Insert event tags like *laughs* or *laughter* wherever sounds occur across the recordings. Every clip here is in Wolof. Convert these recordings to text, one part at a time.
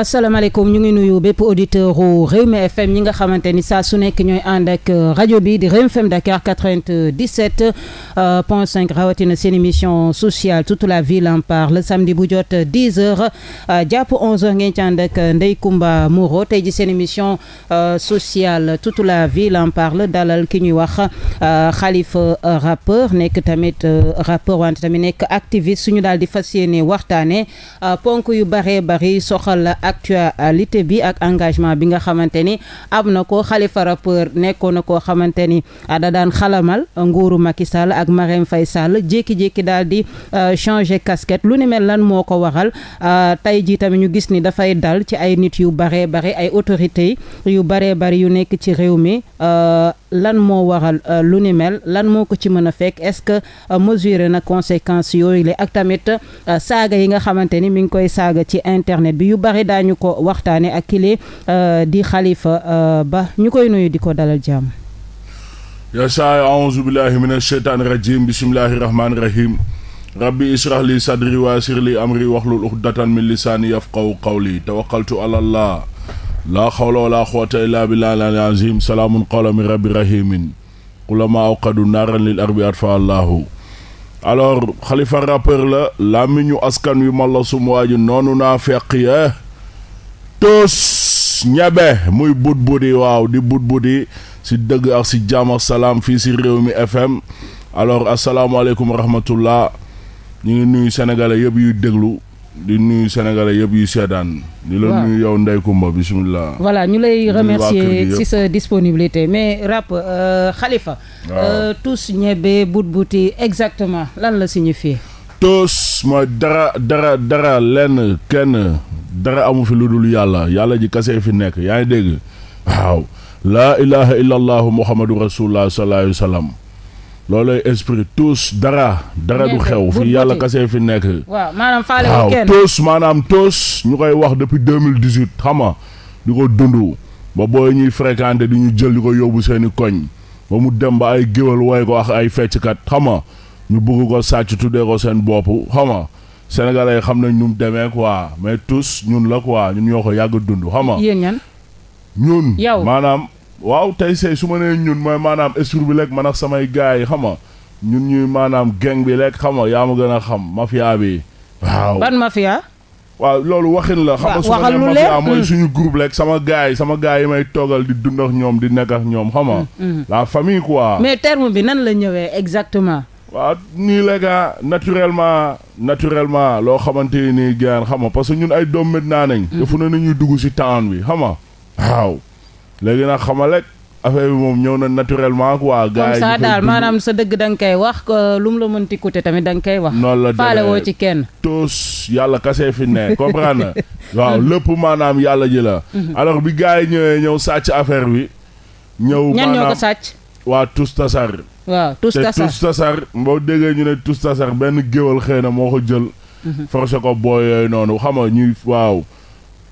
asalaamaaleykum ñu ngi nuyu bépp auditeur u Rewmi FM ñi nga xamante ni saa su nekk ñooy ànd ak euh, rajo bi di Rewmi FM Dakar 97 euh, point 5 rawatina seen émission sociale toute la ville en parle samedi bu jot 10 euh, heures jàpp 11 heures ngeen ci ànd ndey Ndeye Comba Moreau tey ji seen émission sociale toute la ville en parle dalal ki ñuy wax Khalifa rappeur nekk tamit rappeur wante tamit nekk activiste suñu daal di fas yéene waxtaane ponk yu bare bari soxal actualité bi ak engagement bi nga xamante ni am na ko xalifa Rappeur nekkoon na koo xamante ni ah, da daan xalamal nguuru Macky Sall ak Marème fay sàll jékki-jékki daal di euh, changer casquette lu ni mel lan moo ko waral euh, tey jii tamit ñu gis ni dafay dal ci ay nit yu bare bare ay autorités yu bare bare yu nekk ci réew mi. Euh, lan moo waral euh, lu ni mel lan moo ko ci mën a fekk est-ce que euh, mesurer na conséquences yooyu la ak tamit euh, saaga yi nga xamante ni mi ngi koy saaga ci internet bi yu bari daañu ko waxtaane ak kile di Khalifa Ba ñu koy nuyu di ko dalal jàmm yaa saay aouzu billahi mina sheytaani rajim bismillahi rahmaani rahim rabbi israh li sadri waasir li amri waxlul uxdatan min lisaani yafqahu lii tawakkaltu ala allah laa xawla wala xuwata illa billah al azim salaamun qawlan min rabbi rahimin qulama awqadu naaran lil arbi atfa allahu alors xalifa rappeur la làmmiñu askan wi ma la waaju noonu naa feq ya tos ñebe muy bud budi waaw di bud budi si dëgg ak si jàmm ak salaam fii si réew mi fm alors asalaamaaleykum wa rahmatullah ñu ngi nuyu sénégalais yëpp yuy déglu di nuyu sénégalais yëpp yu seedaan. di la nuyu yow Ndeye Comba bisimilah. voilà ñu lay remercier ci sa disponibilité mais rap xalifa euh, waaw euh, tous ñebe but buti exactement lan la signifie. tous mooy dara dara dara lenn kenn dara amu fi lu dul yàlla yàlla ji kase fi nekk yaa ngi dégg waaw. laa ilaha illallah muhammadu rasulullah sallallahu wa sallam loolay esprit tous dara. dara du xew fi yàlla kase fi nekk. waaw maanaam faale maanaam tous ñu koy wax depuis deux mille dix huit xam di ko dund ba booy ñuy fréquenté di ñu jël di ko yóbbu seeni koñ ba mu dem ba ay géwél woy ko ak ay fecckat xam nga ñu bëgg ko sàcc tuddee ko seen bopp xam nga sénégalais yi xam nañ nu mu demee quoi mais tous ñun la quoi ñun ñoo ko yàgg dund xam ñun. waaw tey sey su ma nee ñun mooy maanaam estur bi lekk man ak samay gars yi xam nga ñun ñuy maanaam gang bi lekk xam nga yaa ma gën a xam mafia bi waaw. ban mafia. waaw loolu waxin la. xam nga su nee mooy mm. suñu groupe lekk sama gars yi sama gars yi may toogal di dund ak ñoom di nekk ak ñoom xama nga. Mm, mm. la famille quoi. mais terme bi nan la ñëwee exactement. waaw nii la gaa naturellement naturellement loo xamante ni gaan xam nga parce que ñun ay doom met naa nañ. defu na ni ñuy dugg si town bi xam nga waaw. léegi nag xamal rek affaire bi moom ñëw na naturellement waa gars yi comme ça maanaam sa dëgg da nga wax lu mu la mënti coûter tamit da nga wax. noonu la faale woo ci kenn. toos yàlla kase fi ne comprendre *laughs* waaw mm-hmm. lépp maanaam yàlla ji la. Mm-hmm. alors bi gars yi ñëwee ñëw sàcc affaire bi. ñëw maanaam sàcc. waa Tous Tasar. waaw te Tous Tasar boo déggee ñu ne Tous Tasar benn géwal xëy na moo ko jël. Mm-hmm. forcé ko booy yooyu noonu xam nga ñuy waaw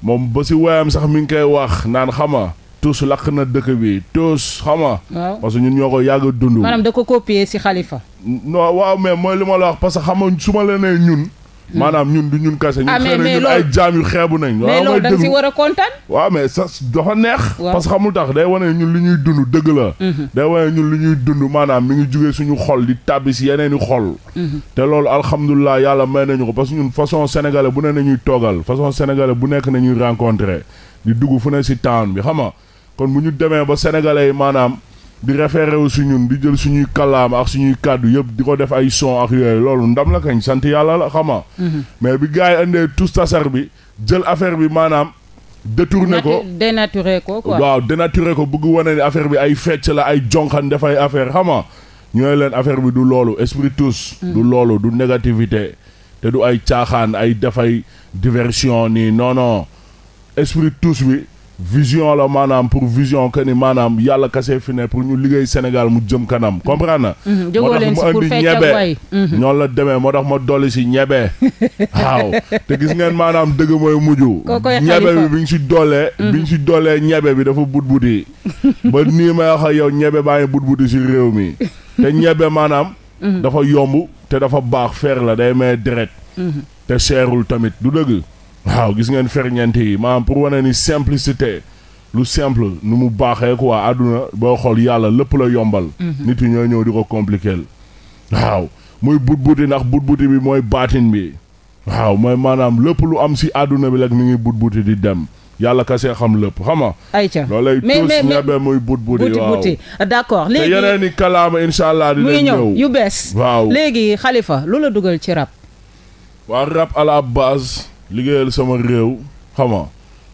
moom ba si woyam sax mi ngi koy wax naan xama tous lakk na dëkk bi tous xama waaw parce que ñun ñoo ko yàgg a dund. maanaam da ko copier ci Khalifa. non waaw mais mooy li ma la wax parce que xam nga su ma la nee ñun. Hmm. maanaam ñun du ñun kase ñun ah, xëy na ñun ay jaam xeebu nañ. waaw mais loolu da nga ci war a neex. parce que xamul tax day wane ñun li ñuy dund dëgg la. Hmm. day wane ñun li ñuy dund maanaam mi ngi jugee suñu xol di tàbbi si yeneen i xol. Hmm. te loolu alhamdulilah yàlla may nañu ko parce que ñun façon sénégalais bu nañuy toogal façon sénégalais bu nekk nañuy rencontré di dugg fu ne si town bi xam nga kon bu ñu demee ba sénégalais yi maanaam di référé wu si ñun di jël suñuy kàllaam ak suñuy kàddu yëpp di ko def ay son ak yooyu loolu ndam la kañ sant yàlla la xama mhm. mais bi gars yi indee tous tasar bi jël affaire bi maanaam. détourné ko dénaturé ko quoi. waaw dénaturé ko bugg wane ne affaire bi ay fecc la ay jonxan dafay affaire xama ñu ne leen affaire bi du loolu esprit tous. Mhm. du loolu du négativité. te du ay caaxaan ay dafay diversion nii non non bi. vision la maanaam pour vision que ni maanaam yàlla kase fi ñu liggéey Sénégal mu jëm kanam comprendre na mhm, moo tax mu indi ñebe ñoo mhm. la demee moo tax ma dolli si ñebe *laughs* waaw te gis ngeen maanaam dëgg mooy mujj ñebe bi bi ñu si doolee mhm. bi ñu si doolee ñebe bi dafa but buti *laughs* ba nii may wax ak yow ñebe baa ngi but buti si réew mi *laughs* te ñebe maanaam dafa yomb te dafa baax fer la day may deret te seerul tamit du dëgg waaw gis ngeen ferñeent yi maanaam pour wane ni simplicité lu simple nu mu baaxee ko waa àdduna boo xool yàlla lépp la yombal. Mhm. nit ñoo ñëw di ko compliquer waaw muy but buti ndax but buti bi mooy baatin bi waaw mooy maanaam lépp lu am si àdduna bi rek mi ngi but buti di dem. yàlla kase xam lëpp xam nga. ayca loolay tuus ñebe muy but buti buti buti te yeneen i kalaama incha allah di leen ñëw yu bees. waaw léegi xalifa lu la dugal ci rap. waa rap à liggéeyal sama réew xam nga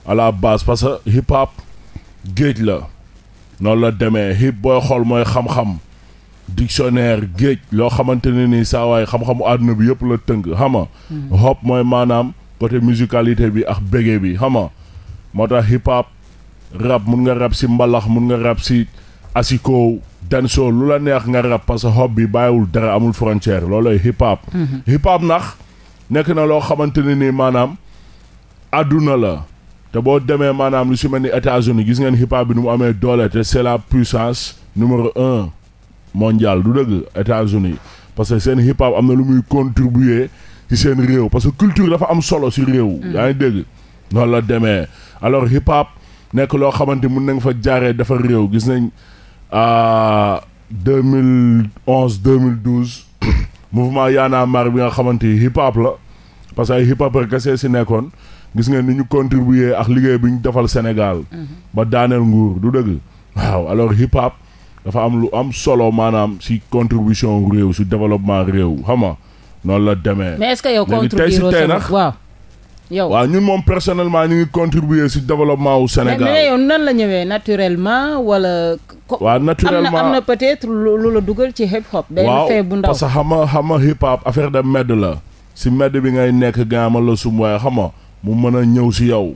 à la base parce que hip géej la noonu la demee hip booy xool mooy xam-xam dictionnaire géej loo xamante ne ni saa waay xam-xamu àdduna bi yëpp la tënk xam nga mm-hmm. mooy maanaam côté musicalité bi ax bége bi xam nga moo tax hip rab mun nga rab si mbalax mun nga rab si asiko dansoo lu la neex nga rap parce que hop bi bàyyiwul dara amul frontière loolooy hip hop. Mm-hmm. hip nax nekk na loo xamante ne nii maanaam àdduna la te boo demee maanaam lu si mel ni États-Unis gis ngeen hip hop bi nu mu amee doole te c'est la puissance numéro un mondial du dëgg États-Unis parce que seen hip hop am na lu muy contribuer ci seen réew parce que culture dafa am solo si réew. Mm. yaa ngi dégg noonu la demee alors hip hop nekk loo xamante mun nañ fa jaaree dafa réew gis nañ euh, deux mille onze deux mille douze *coughs* mouvement Y'en a marre bi nga xamante hip la. parce que ay hip hopeur kese si nekkoon gis nga ni ñu contribuer ak liggéey bi ñu defal Sénégal. Mm-hmm. ba daaneel nguur du dëgg. waaw alors hip dafa am lu am solo maanaam si contribution réew si développement réew xam nga noonu la demee. mais est-ce que yow contribuer tey yow ñun moom personnellement ñu ngi contribuer si développement wu Sénégal yow nan la ñëwee naturellement wala. waaw naturellement am na am na peut-être lu la dugal ci hip hop. benn fee bu ndaw waaw xam nga xam nga hip hop affaire de la. si medd bi ngay nekk gaa ma la sum waaye xam nga mu mën a ñëw si yow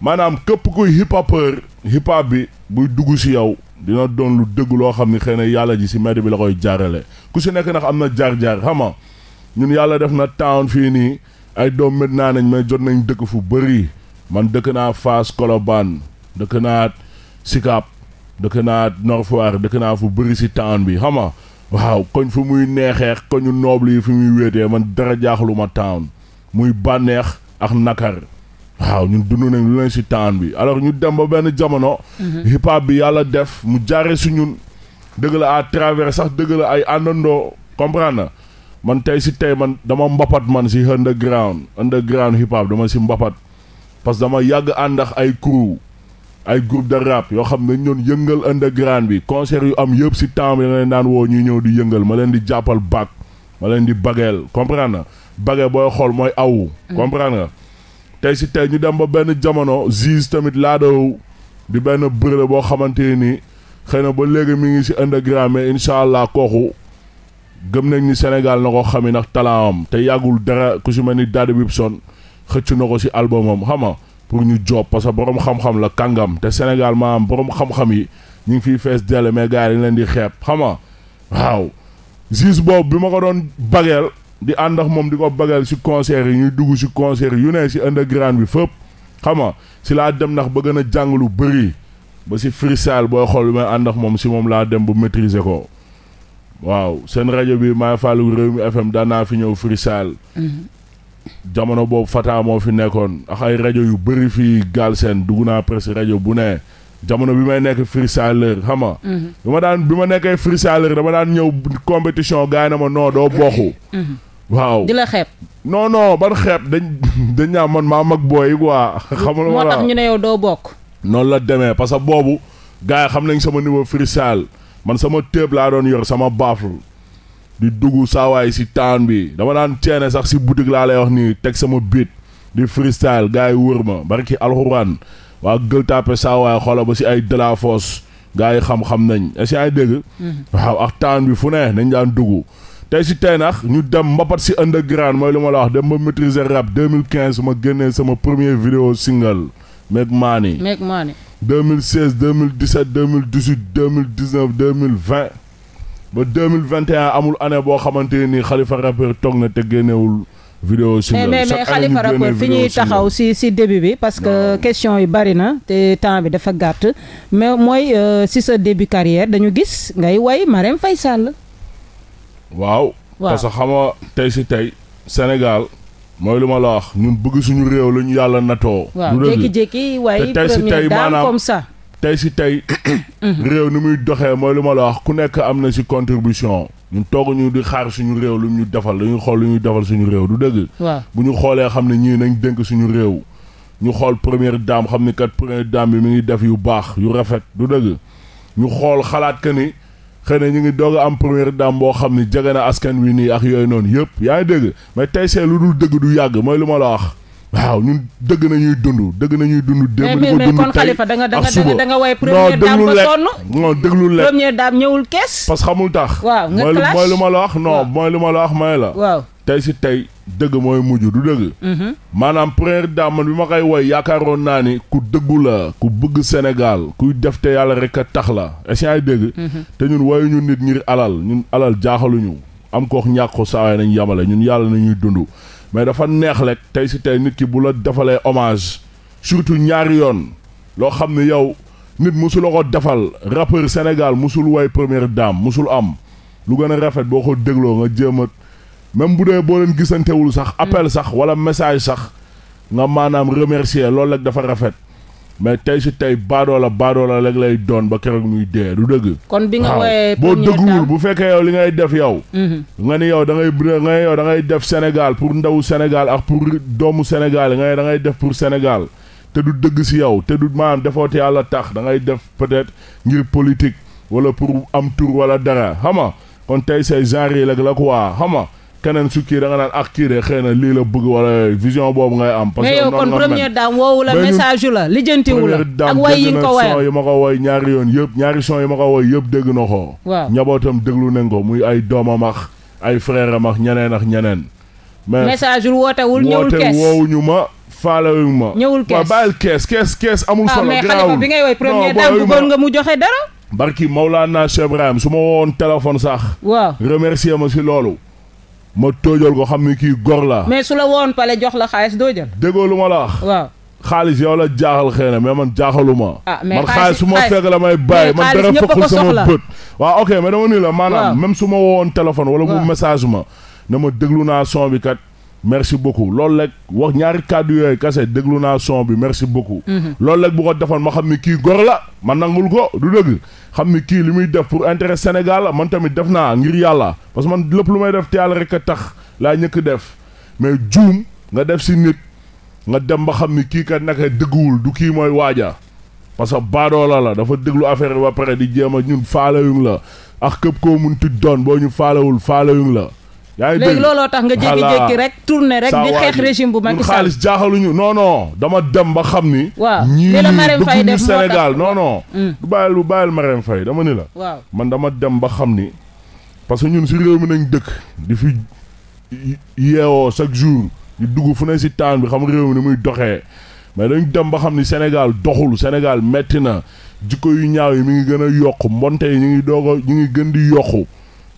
maanaam képp kuy hip hopeur bi buy dugg si yow dina doon lu dëgg loo xam ni xëy na yàlla ji si medd bi la koy jaarale ku si nekk ndax am na jaar jaar xama ñun yàlla def na town fii nii ay doom mét naa nañ mais jot nañ dëkk fu bëri man dëkk naa Fass Colobane dëkk naa Sicap dëkk naa Nord Foire dëkk naa fu bëri si town bi xam nga waaw koñ fu muy neexee koñu noble yi fu muy wéetee man dara jaaxlu ma town muy bànneex ak nakar waaw ñun dund nañ lu leen si town bi alors ñu dem ba benn jamono mhm. hip bi yàlla def mu jaare si ñun dëgg la à travers sax dëgg la ay àndandoo comprendre man tey si tey man dama mbapat man si underground underground hip hop dama si mbapat parce que dama yàgg ànd ak ay crew ay groupe de rap yoo xam ne dañ doon yëngal bi concert yu am yëpp si temps bi da leen daan woo ñuy ñëw di yëngal ma leen di jàppal bac ma leen di bageel comprendre nga bageel booy xool mooy awu mm. comprendre nga tey si tey ñu dem ba benn jamono Ziz tamit laadaw di benn bërële boo xamante ni xëy na ba léegi mi ngi si underground mais incha allah kooku gëm nañ ni Sénégal na ko xami ndax talent te yàggul dara ku si ma ni Daddy son xëcc na ko si album am xam nga pour ñu joob parce que borom xam-xam la kàngam te Sénégal maanaam borom xam-xam yi ñu ngi fiy fees dell mais gars yi dañ leen di xeeb xam nga waaw. gis boobu bi ma ko doon bageel di àndax moom di ko bageel si concert yi ñuy dugg si concert yu nee si underground bi fépp xam nga si laa dem ndax ba gën a jàng lu bëri ba si freestyle booy xool bi may ànd moom si moom laa dem ba maîtriser ko waaw seen rajo bi maa fàllu réew mi FM daan fi ñëw freestyle. Mhm. jamono boobu Fata moo fi nekkoon ak ay rajo yu bëri fii seen dugg naa presque rajo bu ne jamono bi may nekk freestyleur xam nga. Mhm. bi ma daan bi ma nekkee freestyleur dama daan ñëw compétition gars yi na ma non doo bokku. Mhm. Mhm. waaw di la xeeb. non non ban xeeb dañ dañ ñaa man maa mag booy quoi. xamul moo tax ñu ne yow doo bokk. noonu la demee parce que boobu gars xam nañ sama niveau freestyle man sama téeb laa doon yor sama baaful. di dugg saawaay si taan bi dama daan ceene sax si boutique laa lay wax nii teg sama biit di freestyle gars yi wër ma barki alxuraan waa Gueule Tapée saawaay xoola ba si ay Delafosse gars yi xam-xam nañ est-ce que ay dégg mhm. waaw ak taan bi fu ne nañ daan dugg tey si tey nax ñu dem mbapat si underground mooy lu ma la wax dem ba maîtriser rap 2015 ma génnee sama premier vidéo single Make Money Make Money 2016 2017 ba deux mille vingt et un amul année boo xamante ni Khalifa rappeur toog na te génnewul vidéo single mais mais Khalifa rappeur fi ñuy taxaw si si début bi parce que question yi bari na te temps bi dafa gàtt mais mooy euh, si sa début carrière dañu gis ngay way Marème Faye Sall waaw parce que xam nga tey si tey Sénégal mooy lu ma la wax ñun bëgg suñu réew la ñu yàlla natoo. jékki-jékki waaye premier dame comme ça tey si tey *coughs* réew ni muy doxee mooy lu ma la wax ku nekk am na si ñu toog ñu di xaar suñu réew lu ñu defal dañuy xool lu ñuy defal suñu réew du dëgg bu ñu xoolee xam ne ñii nañ dénk suñu réew ñu xool première dame xam ni kat première dame bi mi ngi def yu baax yu rafet du dëgg ñu xool xalaat que ni xëy na ñu ngi doog am première dame boo xam ni jege na askan wi nii ak yooyu noonu yëpp yaa ngi dégg mais tey see lu dul dëgg du yàgg mooy lu ma la wax waaw ñun dëgg nañuy dund dëgg nañuy dund. démb li ko dund kon Khalifa da nga da nga da nga way première déglu lekk première ñëwul kees. parce que xamul tax. mooy lu ma la wax non mooy lu ma la wax may la. waaw tey si tey dëgg mooy mujj du dëgg. Mm-hmm. maanaam première dame bi ma koy woy yaakaaroon naa ni ku dëggu la ku bëgg Sénégal kuy def te yàlla rek a tax la est-ce que dëgg. Mm-hmm. te ñun woyuñu nit ngir alal ñun alal jaaxaluñu am ko ñàkk ko nañu yamale ñun yàlla nañuy dund. mais dafa neex rek tey si tey nit ki bu la defalee hommage surtout ñaari yoon loo xam ne yow nit musuloo ko defal rappeur Sénégal musul way première daam musul am lu gën a rafet boo ko dégloo nga jéem a même bu dee boo leen gisantewul sax appel sax wala message sax nga maanaam remercier loolu rek dafa rafet mais tey si tey baadoola baadoola rek lay doon ba keroog muy dee du dëgg. kon boo dëgguwul bu fekkee yow li ngay def yow. Mhm. nga ni yow dangay ngay nga ne yow da ngay def Sénégal pour ndawu Sénégal ak pour doomu Sénégal nga ne da ngay def pour Sénégal te du dëgg si yow te du maanaam defoo te yàlla tax da ngay def peut-être ngir politique wala pour am tur wala dara xam nga kon tey say genre yi rek la quoi xam nga keneen su kii da nga naan ak ah, kii de xëy na lii la bëgg wala vision boobu ngay am. parce que yow la message la lijjantiwu la. ak way yi nga ko woyal ma ko woy ñaari yoon yëpp ñaari son yi ma ko woy yëpp dégg na ko. waaw njabootam déglu nañ ko muy ay doomam ak ay frère am ak ñeneen ak ñeneen. mais message wootewul ñëwul kees woote ma. faalewuñu ma ñëwul kees waaw bàyyil kees amul ah, solo. garaawul mais xalifa bi ngay woy première dame bëggoon nga mu joxe dara. barki Maulana Cheikh Ibrahim su ma woon téléphone sax. waaw remercier ma si loolu ma tóojal ko xam ni kii gor laa. mais su la woon pale jox la xaalis doo jël. déggoo lu ma la wax. waaw xaalis yow la jaaxal xëy na mais man jaaxaluma. ma ah, mais man xaalis su ma fekk la may bàyyi. man dara fëqul sama bët. waaw ok mais dama ni la maanaam. même su ma woowoon téléphone. wala mu message ma. na ma déglu naa son bi kat. merci beaucoup loolu rek wax ñaari kàddu yooyu kase déglu naa son bi merci beaucoup. Mhm. loolu rek bu ko defoon ma xam ni kii gor la ma nangul ko du dëgg. xam ni kii li muy def pour intere Sénégal man tamit def naa ngir yàlla parce que man lépp lu may def te yàlla rek a tax laa ñëkk def mais juum nga def si nit nga dem ba xam ni kii kat naka dëgguwul du kii mooy waaja. parce que baadoola la dafa déglu affaire ba pare di jéem a ñun faalewuñ la ak képp koo mun ti doon boo ñu faalewul faalewuñ la. yaa ngi dégg léegi looloo tax nga jékki-jékki rek tourné rek di xeex régime bu Macky Sall xaalis jaaxaluñu non non dama dem ba xam ni waaw ñii la mm. Marème Faye dama ni la man dama dem ba xam ni parce que ñun si réew mi nañ dëkk di fi yeewoo chaque jour di dugg fu ne si taan bi xam réew mi ni muy doxee mais dañ dem ba xam ni Sénégal doxul Sénégal metti na jikko yu ñaaw yi mi ngi gën a yokk mbonte yi ñu ngi doog ñu ngi gën di yokku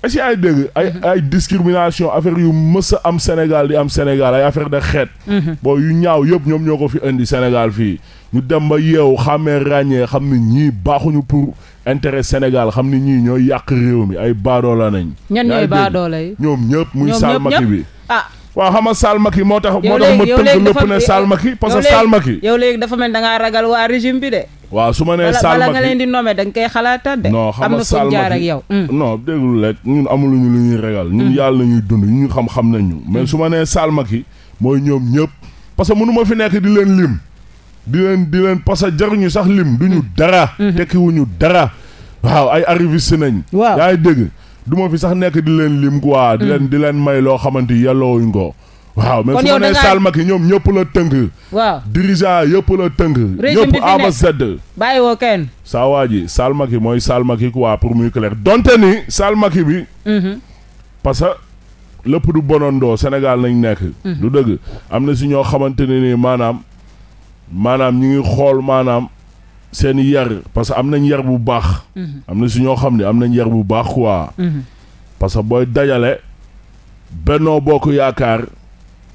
est ay dégg mm-hmm. ay ay discrimination affaire yu mës am Sénégal di am Sénégal ay affaire de xeet. Mm-hmm. bon yu ñaaw yëpp ñoom ñoo ko fi indi Sénégal fii ñu dem ba yeewu xàmmee ràññee xam ni ñii baaxuñu pour intere Sénégal xam ni ñii ñooy yàq réew mi ay baadoola nañ. ñan ñooy baadoola yi ñoom ñëpp muy salmaki bi ah. waaw xam nga Salmaki moo tax moo tax ma tënk lépp ne Salmaki parce que Salmaki yow léegi dafa mel da ngaa ragal waa régime bi de waaw su ma nee Salma wala nga leen di nommé da nga koy xalaataat de. non xam nga Salma am na fu hmm. déggul rek ñun amuluñu lu ñuy ragal. ñun hmm. yàlla la ñuy dund ñu xam-xam nañu mais su ma nee Salma ki mooy ñoom ñëpp parce que mënu fi nekk di leen lim di leen di leen parce que jaruñu sax lim duñu hmm. dara. tekkiwuñu dara waaw ay arriviste nañ. waaw yaa dégg du ma fi sax nekk di leen lim waa di leen di leen may loo xamante yàlla wuñ ko. waaw mais su ma nee Sall Macky ñoom ñëpp la tënk. waaw dirigeant yëpp la tënk. régime ñëpp A ba Z. bàyyi woo ji Sall Macky mooy Sall Macky quoi pour muy clair donte ni Sall Macky bi. Mhm. parce que lépp du doo Sénégal nañ nekk. Mhm. du dëgg am na si ñoo xamante ne ni maanaam maanaam ñu ngi xool maanaam. seen yar parce que am nañ yar bu baax. Mhm. am na si ñoo xam ne am nañ yar bu baax quoi. parce que dajale. bennoo bokk yaakaar.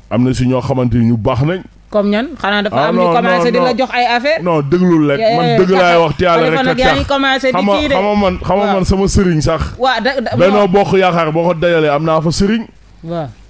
am na si ñoo xamante ni ñu baax nañ. comme ñan xanaa dafa ah, am ñu eh, eh, commencé di la jox ay affaire non déglul rek man dëgg laay wax te yàlla rek tax xama xama man xama man sama sëriñ sax waaw Benno Bokk Yaakaar boo ko dajalee am naa fa sëriñ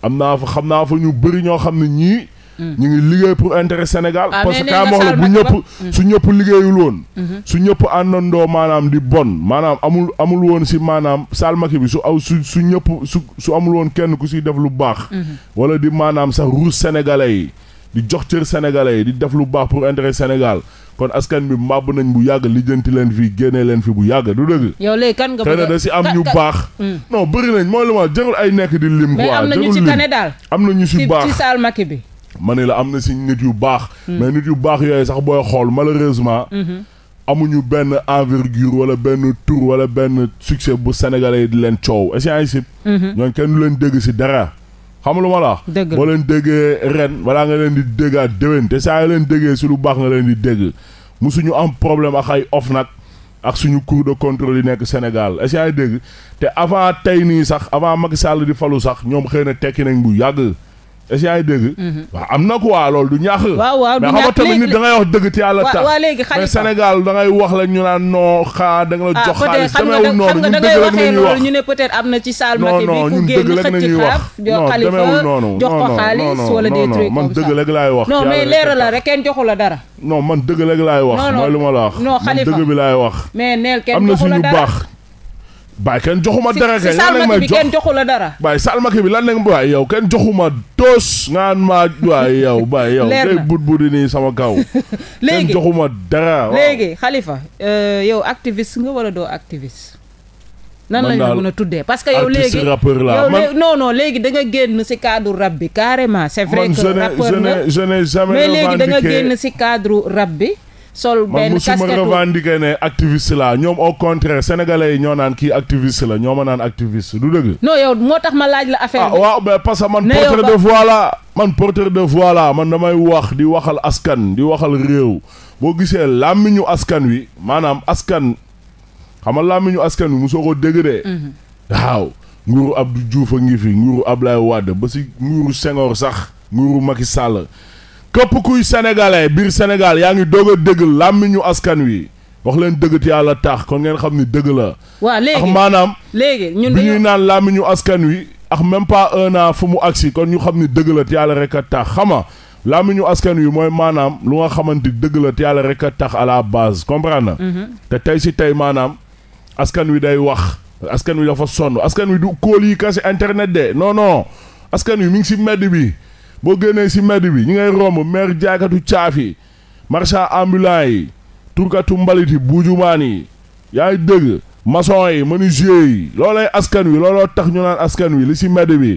am naa fa xam naa fa ñu bëri ñoo xam ne ñii Mm. ñu ngi liggéey pour intere Sénégal ah, parce kaa moxla bu ñëpp su mm-hmm. ñëpp liggéeyul woon mm-hmm. su ñëpp àndandoo maanaam di bon maanaam amul amul woon si maanaam salmaki bi su aw su su ñëpp su su amul woon kenn ku si def lu baax mm-hmm. wala di maanaam sax ruus sénégalais yi di jox cër sénégalais yi di def lu baax pour intérêt Sénégal kon askan bi màbb nañ bu yàgg lijjanti leen fi génnee leen fi bu yàgg du dëgg. yow léegi da si am ñu baax. Mm. non bëri nañ mooy lu ma jërul ay nekk di lim. am na ñu si tane daal. am ma ne la am na si nit yu baax. Hmm. mais nit yu baax yooyu sax booy xool malheureusement. Mm-hmm. amuñu benn envergure wala benn tour wala benn succès bu sénégalais yi di leen coow est-ce que mm-hmm. ñooñu kenn du leen dégg si dara. xam lu ma la wax boo leen déggee ren balaa nga leen di déggaat déwén te saa nga leen déggee si lu baax nga leen di dégg mu suñu am problème ak ay of nag ak suñu cour de contrôle yi nekk Sénégal est-ce dégg te avant tey nii sax avant Macky Sall di falu sax ñoom xëy na tekki nañ bu yàgg. est-ce que yaay mhm. am na quoi loolu du ñaax. waaw waaw du ñaax mais xam nga tamit nit da ngay dëgg te yàlla tax. waaw léegi mais Sénégal wax la ñu naan noo xaa da la ah, jox xaalis. demeewul noonu ñun dëgg rek la wax ñu ne peut am na ci saal Macky bi ku génn xëcc xaaf jox xalifa jox ko xaalis wala des man dëgg rek laay wax. non mais leeral la rek kenn joxu la dara. non man dëgg rek laay wax. mooy lu ma la wax. non xalifa dëgg bi laay wax. mais neel kenn joxu la dara am na suñu baax baay kenn joxuma dara kay lan lañ may jox kenn joxu dara baay salmaki bi lan lañ baay yow kenn joxuma doos ngaan maa waay yow baay yow day bud budi nii sama kaw *laughs* léegi kenn joxuma dara léegi euh, yow activiste nga wala doo activiste nan lañ la a tuddee parce que yow léegi rappeur la léegi da nga génn si cadre rab bi carrément c'est vrai que rappeur nga mais léegi da génn si cadre rab bi sol benn casquette man musuma revendiquer ne activiste la ñoom au contraire sénégalais yi ñoo naan kii activiste la ñoo ma naan activiste du dëgg. no yow moo tax ma laaj la affaire ah, bi. ah waaw mais parce que man. porteur de voix la man porteur de voix la man damay wax di waxal askan di waxal réew boo gisee làmmiñu askan wi maanaam askan xam nga làmmiñu askan wi mosoo ko dégg de. Mhm. waaw. nguuru Abdou Diouf a ngi fi nguuru Ablaye wadd ba si nguuru Senghor sax nguuru Macky Sall képp kuy sénégalais biir Sénégal yaa ngi doog a dégg ñu askan wi wax leen dëgg te yàlla tax kon ngeen xam ni dëgg la. waaw ak maanaam. léegi ñun bi ñuy naan làmmiñu askan wi. ak même pas un fu mu agsi kon ñu xam ni dëgg la te yàlla rek a tax xama làmmiñu askan wi mooy maanaam lu nga xamante dëgg la te yàlla rek a tax à la base comprendre mhm. te tey si tey maanaam askan wi day wax. askan wi dafa sonn askan wi du kóol yi kase internet de non askan wi mi ngi si medd boo génnee si mbedd bi ñi ngay romb maire jaaykatu caaf yi marchand ambulant yi turkatu mbalit yi buujumaan yi yaa ngi dëgg maçon yi menuisier yi loolay askan wi looloo tax ñu naan askan wi li si mbedd bi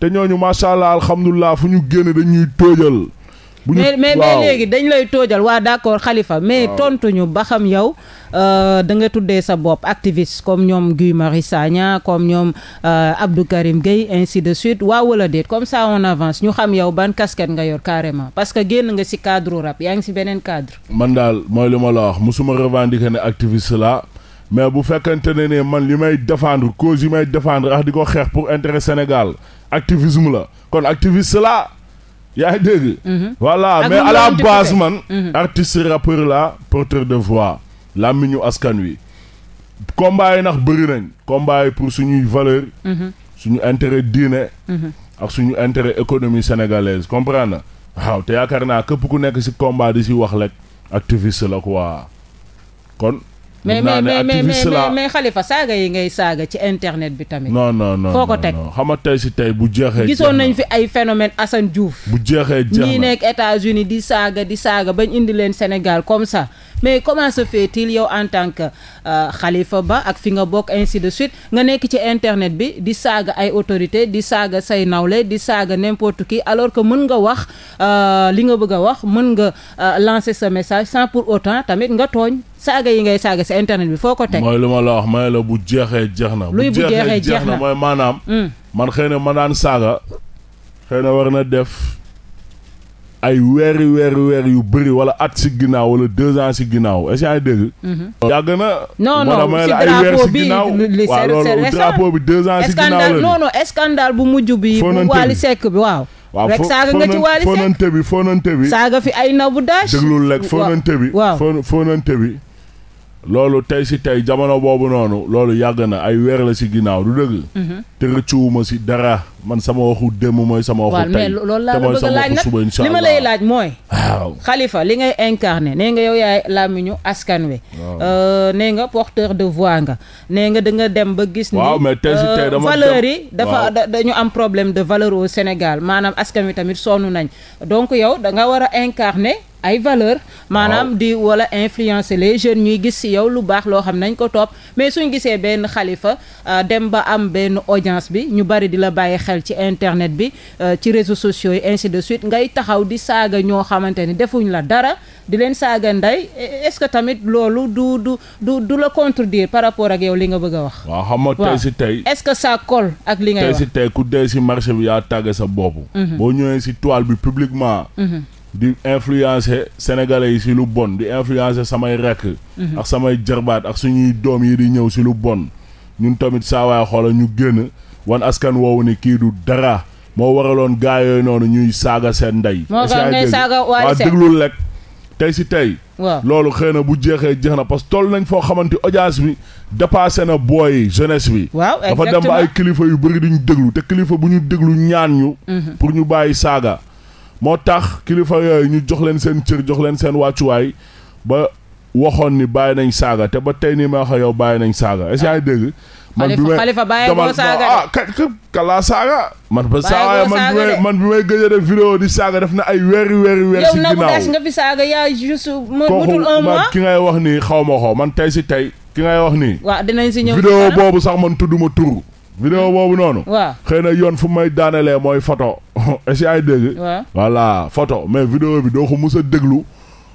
te ñooñu macha allah alhamdulilah fu ñu génn dañuy tóojal bu ñu mais mais léegi dañ lay toojal waa d'accord Khalifa mais tontu ñu ba xam yow euh, da nga tuddee sa bopp activiste comme ñoom Guy Marius Sagna comme ñoom euh, Abdou Karim Gueye ainsi de suite waaw wala déet comme ça on avance ñu xam yow ban casquette nga yor carrément parce que génn nga ci cadre rap yaa ngi ci beneen cadre. man daal mooy li ma la wax musuma revendiquer ne activiste la mais bu fekkente ne ne man li may défendre cause yi may défendre ak di ko xeex pour intérêt Sénégal activisme yaa ngi dégg. Mhm. voilà mais à la base man. Mhm. artiste rappeur la porteur de voix làmmiñu askan wi. combat yi nax bëri nañ. yi pour suñuy valeur. Mhm. suñu intérêt diine. ak suñu intérêt économie sénégalaise comprendre na. waaw te yaakaar naa képp ku nekk ci combat di ci wax rek activiste la quoi kon. mais mais mais mais mais Khalifa saaga yi ngay saaga ci internet bi tamit. non non foo ko teg xam nga tey si tey bu jeexee. gisoon nañ fi ay phénomène Assane Diouf. bu jeexee jeex na ñii nekk États-Unis di saaga di saaga bañ indi leen Sénégal comme sax mais comment se fait-il yow en tant que euh, Khalifa Ba ak fi nga bokk ainsi de suite nga nekk ci internet bi di saaga ay autorité di saaga say nawle di saaga n'importe kii alors que mën nga wax euh, li nga bëgg a wax mën nga euh, lancer ce message sans pour autant tamit nga tooñ. saaga yi ngay saaga si internet bi foo ko teg. mooy lu ma la wax may la bu jeexee jeex na. luy bu jeexee jeex na mooy maanaam. Mm. man xëy na ma daan saaga. xëy war na def ay weeri weeri weer yu bëri wala at si ginnaaw wala deux ans si ginnaaw est-ce que yaa ngi dégg. Mm-hmm. Oh, yàgg na. non si drapeau bi li waaw loolu drapeau bi si ginnaaw la non non bu mujj bi. bu Wally sekk bi waaw. waaw rek saaga nga ci Wally Seck fonante bi fonante bi. saaga fi ay nabu dash. déglul rek fonante bi. waaw bi. loolu tey si tey jamono boobu noonu loolu yàgg na ay weer la si ginnaaw du dëgg. Mhm. te rëccuwuma dara man sama waxu démb mooy sama waxu tey te mooy sama waxu suba incha allah li ma lay laaj mooy. waaw Khalifa li ngay ne nee nga yow yaay làmmiñu askan wi. Euh, nee nga porteur de voix nga nee nga da nga dem ba gis. waaw mais tey si tey dama euh, valeur yi dafa dañu am problème de valeur au Sénégal maanaam askan wi tamit sonn nañ donc yow da nga war a ay valeur maanaam di wala influencer les jeunes ñuy gis si yow lu baax loo xam nañ ko topp mais suñ gisee benn xalifa euh, dem ba am benn audience bi ñu bari di la bàyyi xel ci internet bi euh, ci réseau sociaux yi ainsi de suite ngay taxaw di saaga ñoo xamante ni defuñ la dara di leen saaga ndey est-ce que tamit loolu du du du du la contredire par rapport ak yow li nga bëgg wax. waaw xam nga tey si tey. est-ce que ça colle ak li ngay wax tey si tey ku dee si marché bi yaa tàgge di influencer sénégalais yi si lu bon di influencer samay rakk mhm. ak samay jërbaat ak suñuy doom yi di ñëw si lu bon ñun tamit saawaay xoola ñu génn wan askan woowu ni kii du dara moo waraloon gaa yooyu noonu ñuy saaga seen ndey waaw déglul lekk tey si tey loolu xëy na bu jeexee jeex na parce que toll nañ foo xamante audience bi dépassé na booy jeunesse bi dafa dem kilifa yu bëri di ñu déglu te kilifa bu ñu déglu ñaan ñu mhm. pour ñu bàyyi saaga moo tax kilifa yooyu ñu jox leen seen cër jox leen seen wàccuwaay ba waxoon ni bàyyi nañ saaga te ba tey nii ma wax yow bàyyi nañ saaga est dégg. man bi may xalifa bàyyi ah, man ba saaga man man bi may di saaga def na ay weeri weeri weer si ginnaaw yow nga fi ki ngay wax nii xaw ma xaw man tey si tey ki ngay wax nii. waaw dinañ si ñëw boobu sax man tudduma turu. vidéo boobu noonu. xëy na yoon fu may daanelee mooy photo. *laughs* est ay dégg. voilà photo mais vidéo bi doo ko mës déglu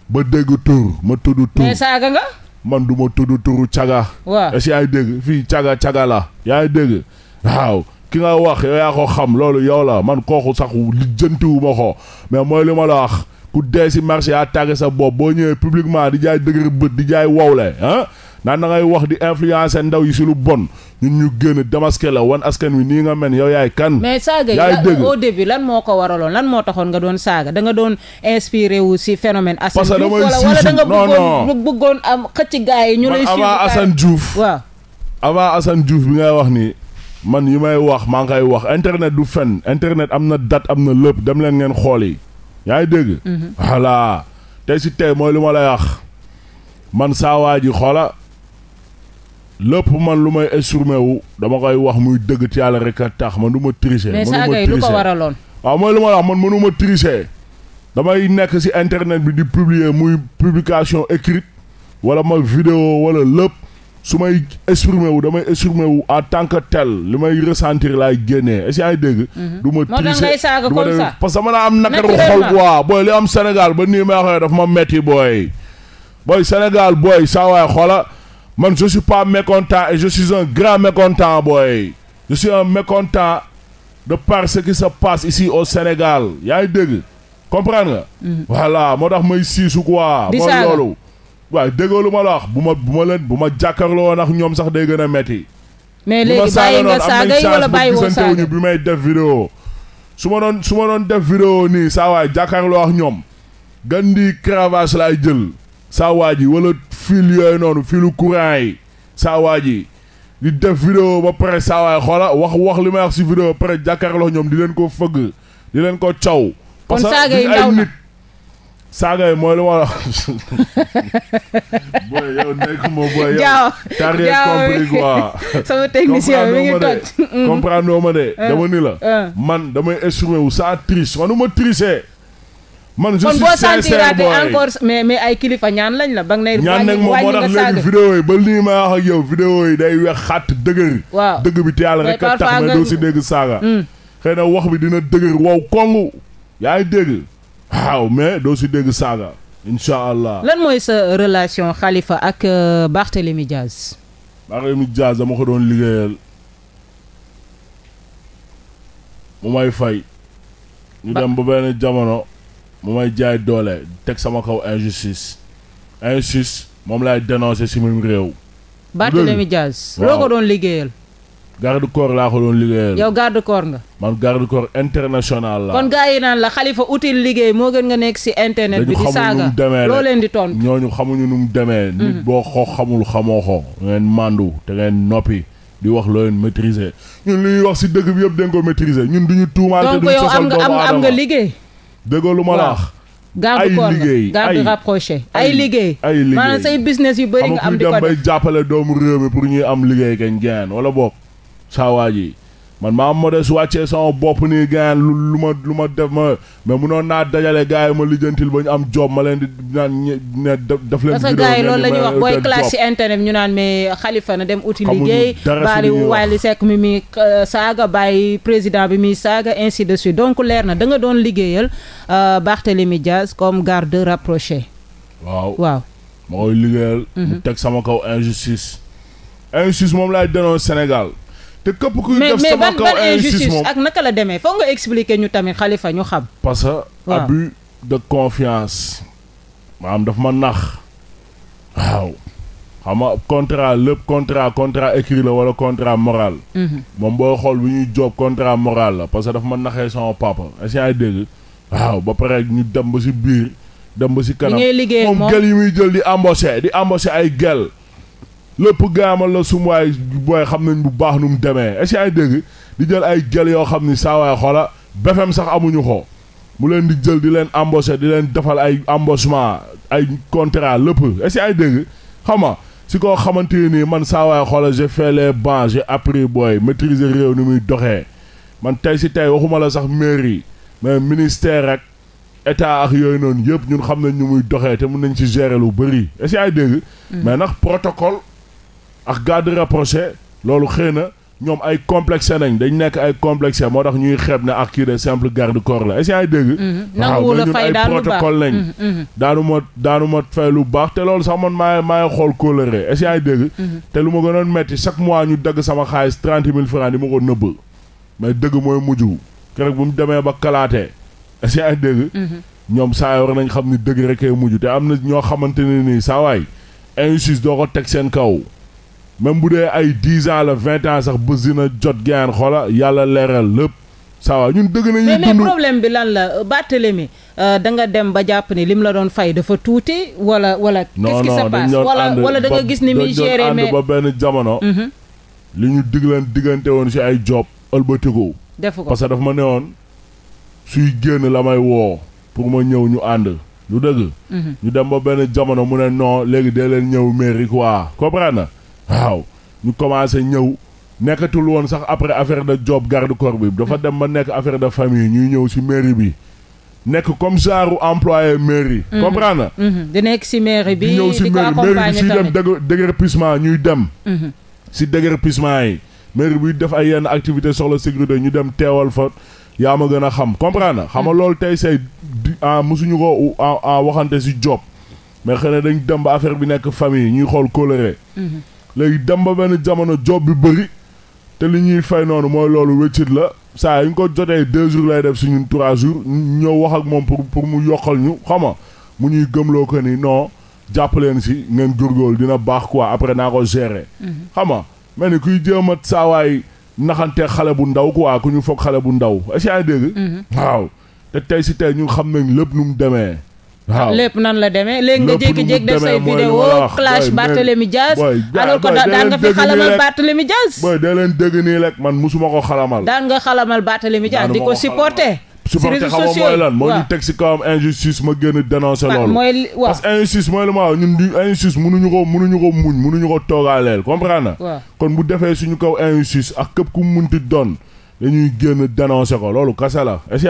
ba dégg tur ma tudd tur. mais man du ma tudd turu caga. waaw ay dégg fii caga caga la. yaa ngi dégg ki nga wax yow yaa ko xam loolu yow la man kooku saxu lijjantiwu ma ko mais mooy li ma la wax ku dee si marché yaa tàgge sa bopp boo ñëwee publiquement di jaay dëgër bët di jaay wowle ah. naa da ngay wax di influencer ndaw yi si lu bon ñun ñu génn démasqué la wan askan wi nii nga mel yow yaay kan. mais saaga yi au début lan moo ko waraloon lan moo taxoon nga doon saaga danga doon inspiré wu si phénomène. Assane Diouf wala da nga bëggoon bëggoon am xëcc gars yi ñu lay. suivre avant Assane Diouf waaw. avant ngay wax nii. man yi may wax maa ngi wax internet du fen internet am na date am na lépp dem leen ngeen xool yi yaa ngi dégg. Mhm. voilà tey si tey mooy lu ma lay wax man saa waa ji xoola lépp man lu may exprimer wu dama koy wax muy dëgg ci yàlla rek a tax man du ma tricher. mais Sa Gueye lu ko waraloon. waaw ah, mooy lu ma wax man mënu ma damay nekk si internet bi di publier muy publication écrite wala ma vidéo wala lépp su may exprimer wu damay exprimer wu en tant que tel li may ressentir laay génnee est-ce dégg. Mhm. du ma tricher du ma dem parce am nakaru xol quoi booy li am Sénégal ba nii may waxee ma metti booy. booy Sénégal booy saa waay man je suis pas mécontent et je suis un grand mécontent booy je suis un mécontent de par ce qui se au Sénégal yaa ngi dégg comprendre nga. Mhm. voilà moo dax may siisu quoi. di saa loolu. waaw déggoo lu ma bu ma bu ma leen bu ma jàkkaarloo woon ak ñoom sax day gën a metti. mais nga saaga yi wala bàyyi woo saaga bi may def vidéo su ma doon su ma doon def vidéo nii saa waay jàkkaarloo ñoom. gan di cravache laay jël. saa waa ji wala fil yooyu noonu filu courant yi saa waa ji di def vidéo ba pare saa waay xoola wax wax li ma wax si vidéo ba pare jàkkaarloo ñoom di leen koo fëgg di leen ko caw. parce que ay nit saaga yi mooy lu ma la *laughs* booy yow nekkuma booy yow carrière compliqué quoi *laughs* sama technicien mi ngi toj comprendre ma de *laughs* mm. dama ni la mm. man damay exprimer wu saa triche manuma tricher man je suis sincère booy kon boo encore mais ay kilifa ñaan lañ la ba nga ne. ñaan nag moom moo tax léegi vidéo yi ba lii may wax ak yow vidéo yi day wex xàtt dëgër. dëgg bi te yàlla rek a tax mais doo si dégg saaga. Hmm. xëy wax bi dina dëgër wow kongu yaa dégg waaw mais doo si dégg saaga incha allah. lan mooy sa relation xalifa ak euh, Barthélémy Diaz. Barthélémy Diaz dama ko doon liggéeyal mu may fay. ñu dem ba benn jamono. mu may jaay doole teg sama kaw injustice injustice moom laay dénoncer si mim réew. Barthélémy Dias. loo ko doon liggéeyal. garde corps laa ko doon liggéeyal. yow garde corps nga. man garde corps international la. kon gars naan la xalifa utile liggéey moo gën nga nekk si internet bi. di saaga loo leen di tontu ñooñu xamuñu nu mu demee. Mm. nit boo ko xamul xamoo ko. ngeen màndu te ngeen noppi. di wax loo leen maîtriser ñun li wax si dëgg bi yëpp dañ ko maîtriser ñun du ñu tuumaal. liggéey. déggoo lu ma la wax. ay liggéey garde rapproché ay liggéey ay liggéey maanaam say business yu bëri nga am di ko def jàppale doomu réew mi pour ñuy am liggéey kañ geen wala boog saa waaj yi man maa modeste wàccee sama bopp nii gaañ lu ma lu ma def ma mais noon naa dajale gars ma lijjantil ba ñu am job ma leen di naan ne daf leen. parce que ñu naan mais xalifa na dem uti liggéey baali Wally Seck mi muy euh, saaga bàyyi président bi muy saaga ainsi de donc leer na da nga doon liggéeyal euh, Barthélémy Diaz comme garde rapproché waaw waaw ma koy liggéeyal mhm. teg sama kaw injustice injustice moom laay denoon Sénégal te képp kuy def sama kaw mais ban ban injustice ak naka la demee foog nga expliquer ñu tamit Khalifa ñu xam. parce que abus de confiance. maanaam daf ma nax. waaw xam nga contrat lépp contrat contrat écrit la wala contrat moral. Mhm. moom booy xool bu ñuy job contrat moral la parce que daf ma naxee sama papa est ay dégg waaw ba pare ñu dem ba biir. dem ba kanam moom gel yi muy jël di embauché di embauché ay gel lépp gaamal la sum waay booy xam nañ bu baax nu mu demee est ay dégg di jël ay jël yoo xam ni saawaay xola xoola befem sax amuñu ko mu leen di jël di leen embauché di leen defal ay embauchement ay contrat lépp est ay dégg xam nga si koo xamante nii man saawaay waay xoola j'ai fait les bancs j'ai appris booy maîtriser réew ni muy doxee man tey si tey waxuma la sax mairie mais ministère rek état ak yooyu noonu yëpp ñun xam nañ ñu muy doxee te mun nañ ci gérer lu bëri est-ce que ay dégg mm. mais nag ak garde rapproché loolu xëy na ñoom ay complexe nañ dañu nekk ay complexe moo tax ñuy xeeb ne ak kii de simple garde corps la est-ce mhm. ay dégg. nangu la fay daanu mhm, mhm. daanu ma fay lu baax te loolu sax man maa maa xool coloré est ay dégg. te lu ma gënoon metti chaque mois ñu dagg sama xaalis trente mille francs di ma ko nëbb. mais dëgg mooy mujj keroog bu mu demee ba kalaatee est-ce que ay dégg. ñoom saa yi war nañ xam ni dëgg rek ay mujj te am na ñoo xamante ne nii saa waay injustice doo ko teg seen kaw. même bu dee ay dix ans la vingt ans sax bés dina jot gaan xoola yàlla leeral lépp ça va ñun dëgg nañuy dund mais problème bi lan la euh, Barthélémy euh, da nga dem ba jàpp ni lim la doon fay dafa tuuti wala wala. qu'est-ce qui se passe wala wala da gis ni muy géré mais ba benn jamono. Mhm. li ñu diglan diggante woon si ay job ëlbatiku. def ko parce dafa ma ne woon suy génn la woo pour ma ñëw ñu ànd. lu dëgg. Mhm. ñu dem ba benn jamono mu ne non léegi dee leen ñëw mairie quoi comprendre waaw ñu commencé ñëw nekkatul woon sax après affaire de job garde corps bi dafa dem ba nekk affaire de famille ñuy ñëw si mairie bi nekk comme genre employé mairie. Mhm. comprendre na. Mhm. di nekk si mairie bi di ñëw si mairie mairie bi si dem déguerpissement ñuy dem. si mhm. déguerpissement yi. mairie bi def ay yenn activité soxla sécurité ñu dem teewal fa yaa ma gën a xam comprendre na. xam nga loolu tey say di ah, mosuñu ko ah, ah, waxante si job mais xëy na dañ dem ba affaire bi nekk famille ñuy xool coloré. léegi dem ba benn jamono job bi bëri te li ñuy fay noonu mooy loolu wéccit la saa yu ñu ko jotee deux jours lay def si ñun trois jours ñëw wax ak moom pour pour mu yokkal ñu xama mu ñuy gëmloo ko ni non jàpp leen si ngeen góorgóorlu dina baax quoi après naa ko gérer. Mhm. xam nga mel ni kuy jéem a saawaay naxante xale bu ndaw quoi ku ñu foog xale bu ndaw est-ce que yaa mhm. waaw te tey si tey ñun xam nañ lépp nu mu demee. waaw lépp nan la demee léegi nga jékki-jékki def say vidéo clash Barthélemy Dias alors que daan nga fi xalamal Barthélemy Dias boy da leen dëgg nii rek man musuma ko xalamal daan nga xalamal Barthélemy Dias di ko supporter supporter xam nga mooy lan moo ñu teg si kawam injustice ma gën a dénoncé loolu mooy waaw parce que injustice ma ñun di injustice munuñu ko munuñu ko muñ munuñu ko toogaaleel comprendre na kon bu defee suñu kaw injustice ak képp ku munti doon dañuy génn dénoncé ko loolu kase la est-ce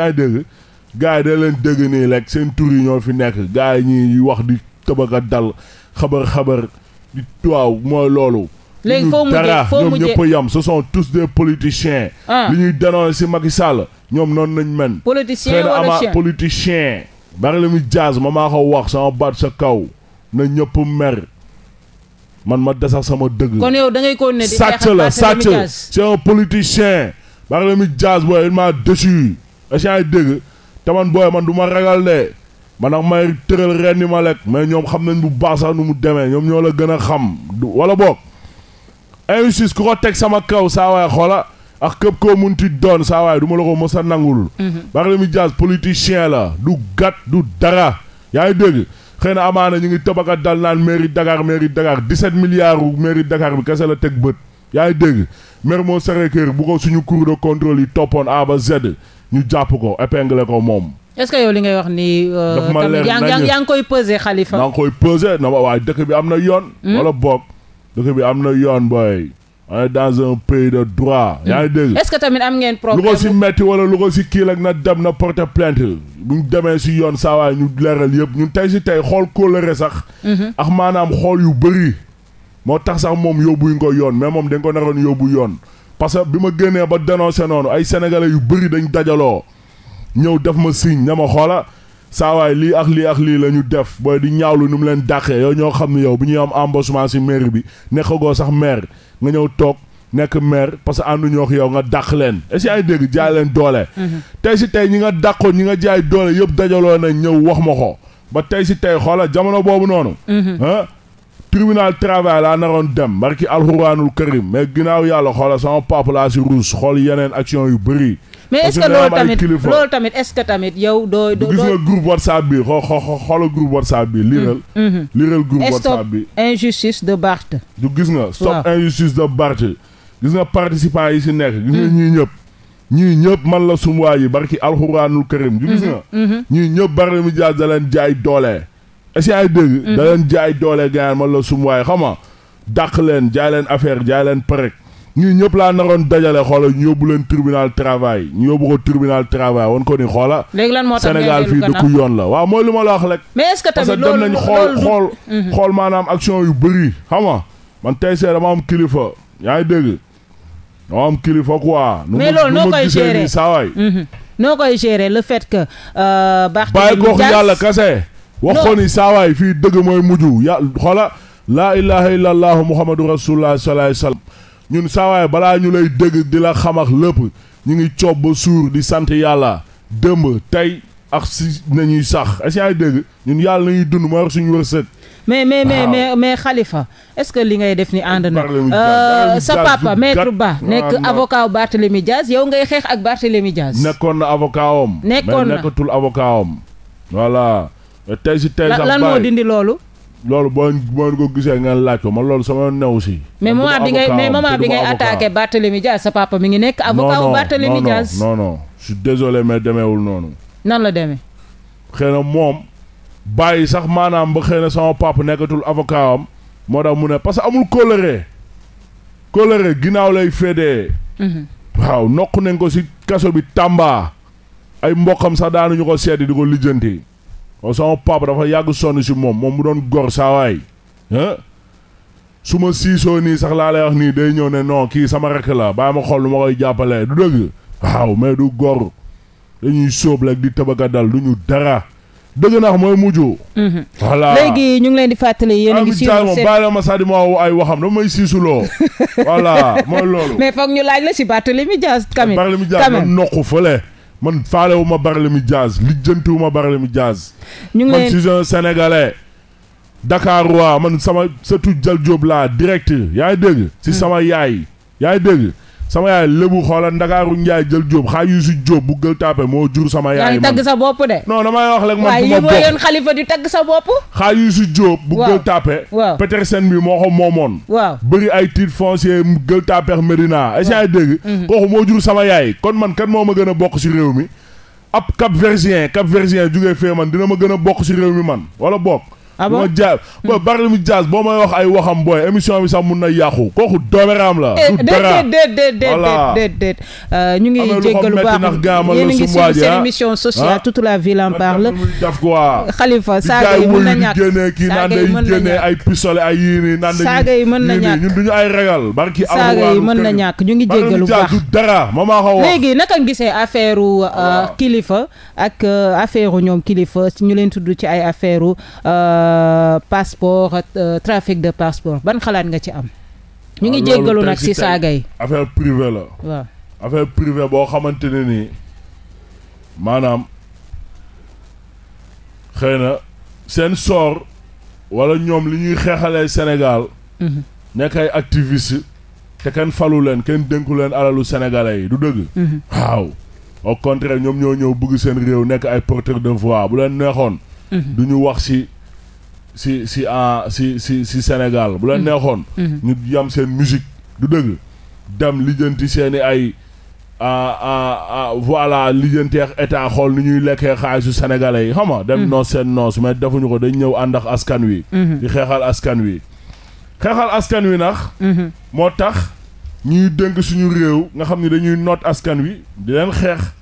gars yi leen dëgg nii rek seen tur ñoo fi nekk gars yi ñuy wax di tëbaka dal xabar xabar di tuwaaw mooy loolu. léegi foo mujjee dara ñoom tous des politiciens. Ah. li ñuy dénoncer ci Macky Sall ñoom noon nañ men politicien wala chien politicien. Barthélémy Dias ma maa ko wax sama baat sa kaw na ñëpp mer man ma desax sama dëgg. kon yow da ngay ko ne sàcc la sàcc c'est un politicien Barthélémy booy il m'a déçu. est dégg te man booy man du ma ragal de man nag may tëral ren ni ma lekk mais ñoom xam nañ bu baax sax nu mu demee ñoom ñoo la gën a xam wala boog injustice ku ko teg sama kaw saa waay xoola ak képp koo munti doon saawaay waay du ma la ko mës a nangul mhm. Barthélémy Dias politicien la du gat du dara yaa ngi dégg xëy na amaana ñu ngi tëbaka dal naan mairie Dakar mairie Dakar 17 milliards u mairie Dakar bi kese la teg bët yaa ngi dégg maire moo sare kër bu ko suñu cour de contrôle yi A ñu jàpp ko épinglé ko moom. est-ce yow li ngay wax nii euh, daf ma leer nañu yaa ngi koy pesé xalifa. yaa ngi koy pesé na ma waaye dëkk bi am na yoon. Hmm? wala boog dëkk bi am na yoon booy. on est dans un pays de droit. Hmm. yaa ngi dégg est-ce que tamit am ngeen problème lu ko si metti wala lu ko si kii na dem na porter plainte bu ñu demee si yoon saa waay ñu leeral yëpp ñun tey si tey xool kóolare sax. Hmm. ax maanaam xool yu bëri. moo tax sax moom yóbbuñ ko yoon mais moom dañ ko naroon yóbbu yoon. parce que bi ma génnee ba dénoncé noonu ay sénégalais yu bëri dañu dajaloo ñëw def ma signe ne ma xoola saa lii ak lii ak lii la ñu def booy di ñaawlu nu mu leen dàqee yow ñoo xam ne yow bu ñuy am embauchement ci maire bi nekkagoo sax maire nga ñëw toog nekk maire parce que ànduñoo ak yow nga dàq leen est-ce ay dégg jaay leen doole. Mhm. tey si tey ñi nga dàqoon ñi nga jaay doole yëpp dajaloo nañ ñëw wax ma ko ba tey si tey xoola jamono boobu noonu. Mhm. tribunal travail laa naroon dem barki alxuraanul karim mais ginnaaw yàlla xoolal sama papa ruus xool yeneen action yu bëri. mais est-ce que loolu tamit loolu tamit est-ce que tamit yow doo doo gis nga groupe WhatsApp bi xoo xoo xoolal groupe WhatsApp bi liiral mm, mm, mm. liiral groupe WhatsApp bi stop injustice de Barth du gis nga stop injustice de Barth gis nga participants yi si nekk gis nga ñii la sumuwaa yi barki alxuraanul karim gis mm-hmm, nga mm-hmm. ñii ñëpp Barthélémy Dias da doole est-ce que yaa mhm. jaay doole gars man la sum waaye leen jaay leen affaire jaay leen parek ñuy ñëpp laa naroon dajale xoola ñu yóbbu leen tribunal travail ñu yóbbu ko tribunal travail woon ko ni xoola. léegi lan moo tax Sénégal fii dëkku yoon la waaw mooy lu ma la wax rek. mais est-ce que tamit loolu xool xool. Mhm. xool maanaam action yu bëri xam nga man tey see dama am kilifa yaa ngi dégg dama am kilifa quoi. nu nu ma gisee nii saa waay. Mhm. noo koy gérer le fait que. Euh, baax na bàyyi wax ko ni saawaay fii dëgg mooy mujj ya xoola laa ilaha illa allahu muhammadu rasulullah sallallahu alayhi wasallam ñun saawaay balaa ñu lay dëgg di la xamax lëpp ñu ngi coob ba suur di sant yàlla dëmb tey ak si nañuy sax est-ce ñun yàlla nañuy dund mooy wax suñu wërsëg mais mais mais mais est-ce que li ngay def ni ànd na euh, sa papa maître Ba nekk avocat wu Barthélémy Diaz yow ngay xeex ak Barthélémy Diaz nekkoon na avocat am nekkoon na nekkatul avocat am Eh, tey si lan moo dindi loolu. loolu boo boo ko gisee ngeen laaj ko man loolu sama new si. mais moment bi bi ngay attaqué Barthélemy sa papa mi ngi nekk. avocat wu Barthélemy Dias non non non mais demeewul noonu. nan la demee. xëy moom bàyyi sax maanaam ba xëy na sama papa nekkatul avocat am moo tax mu ne parce que amul colère colère ginnaaw lay fédee. Mhm. waaw nokk nañ ko si kaso bi Tamba. ay mbokkam sax ñu ko seeti di ko lijjanti. kon oh, sama papa dafa yàgg sonn si moom moom mu doon gor saa waay su ma siisoo nii sax laa lay wax nii day ñëw ne non kii sama rek la bàyyi ma xool lu ma koy jàppalee du dëgg waaw mais du gor dañuy sóob rek di tëbaka dal du ñu dara dëgg naax mooy mujj. Mhm. voilà léegi ñu ngi leen di fàttali yéen a ngi. siiw seen moom la ma Sadima ay waxam dama may siisuloo. *laughs* voilà mooy loolu. mais foog ñu laaj la si Barthélémy Dias. tamit tamit Barthélémy Dias noqu man faalewu ma Barthélemy Diaz lijjantiwu ma Barthélemy Diaz ñu ngi man si un sénégalais waa man sama surtout Jal Diop laa direct yaa ngi dégg si hmm. sama yaay yaa ngi dégg sama yaay lébu xoolal ndakaaru njaay jël jóob xaa yusu jóob bu gël tàppe moo jur sama yaay man tagg sa bopp de non damay wax rek man fu ma bokk yoon xalifa di sa bopp xaa yusu jóob bu gël tàppe bi moo ko moomoon waaw bëri ay titre foncier gël tàppe Médina est-ce que dégg mhm. kooku moo jur sama yaay kon man kan moo ma gën a bokk si réew mi ab Cap-Verdien Cap-Verdien jugee fee man dina ma gën a bokk si réew mi man wala bokk ah bon ma jaay ba Barthélémy boo may wax ay waxam booy émission bi sax mun na yàqu kooku doomeraam la. du dara ñu ngi jéggalu baax a ngi suñu ah. ah. la ville en parle. xalifa saaga yi mën na ñàkk saaga na ñàkk ay pistolet ay yii nii naan na ñàkk ñu ngi jéggalu baax du dara ma maa ko wax léegi naka gisee affaire euh, kilifa ak euh, affaire ñoom kilifa ñu leen tudd ci ay affaire euh, Euh, passeport euh, trafic de passeport ban xalaat nga ci am. ñu ngi ah, jéggalu nag si saaga yi affaire privée la. waaw affaire privée boo xamante ne nii maanaam xëy na seen sor wala ñoom li ñuy xeexalee Sénégal. Mhm. nekk ay activiste te kenn falu leen kenn dénku leen alalu sénégalais yi du dëgg. Mhm. waaw au contraire ñoom ñoo ñëw bëgg seen réew nekk ay porteur de voix bu leen neexoon. Mhm. du wax si. si si a ah, si si si Sénégal bu leen mhm. neexoon. Mhm. ñu yam seen musique du dëgg dem lijjanti seen i ay ah, ah, voilà lijjanteex état xol ni ñuy lekkee su sénégalais yi xam nga dem mhm. noos seen noos mais defuñu ko dañ ñëw ànd ak askan wi. di xeexal askan wi. xeexal askan wi nax moo tax ñuy dënk suñu réew nga xam ni dañuy noot askan wi di leen xeex.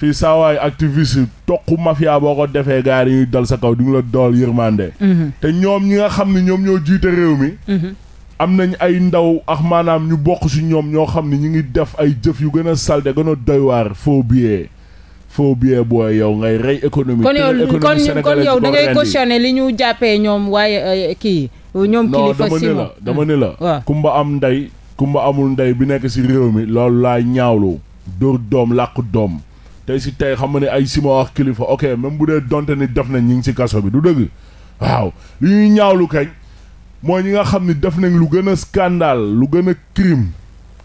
fii saa waay activiste toq mafia boo ko defee gars yi ñuy dal sa kaw di nga la dool yërmande. Mhm. te ñoom ñi nga xam ne ñoom ñoo jiite réew mi. Mhm. am nañu ay ndaw ak maanaam ñu bokk si ñoom ñoo xam ne ñu ngi def ay jëf yu gën a salte gën a doy waar faux billet faux yow ngay rey économie. kon yow kon li ñu jàppee ñoom waaye eh, kii. ñoom dama ne la dama ne la. Hmm. kumba am ndey kumba amul ndey bi nekk si réew mi loolu laa ñaawlu. dóor doom làq doom. tey si tey xam nga ne ay sima wax kilifa ok même bu dee donte ni def nañ ñi ngi si kaso bi du dëgg waaw li ñuy ñaawlu kañ mooy ñi nga xam ni def nañ lu gën a scandale lu gën a crime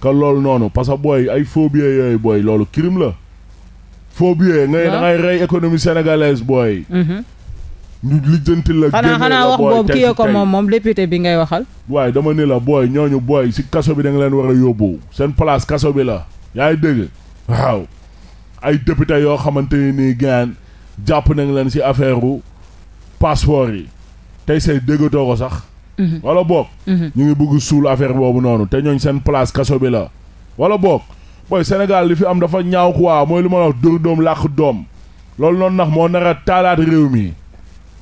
que lool noonu parce que booy ay faux billets yooyu booy loolu crime la faux nga ngay da ngay rey économie sénégalaise booy mhm. ñu lijjanti la xanaa xanaa wax boobu kii ko moom moom député bi ngay waaye dama ni la booy ñooñu booy si kaso bi da nga leen war a yóbbu seen place kaso bi la yaa d ay député yoo xamante ni nii gaan jàpp nañ leen si affaire u passeport yi tey say déggatoo ko sax mhm. wala boog mhm. ñu ngi bëgg suul affaire boobu noonu te ñooñ seen place kaso bi la wala boog boy Sénégal li fi am dafa ñaaw quoi mooy lu ma la dóor doom làq doom loolu noonu nax moo nar a taalaat réew mi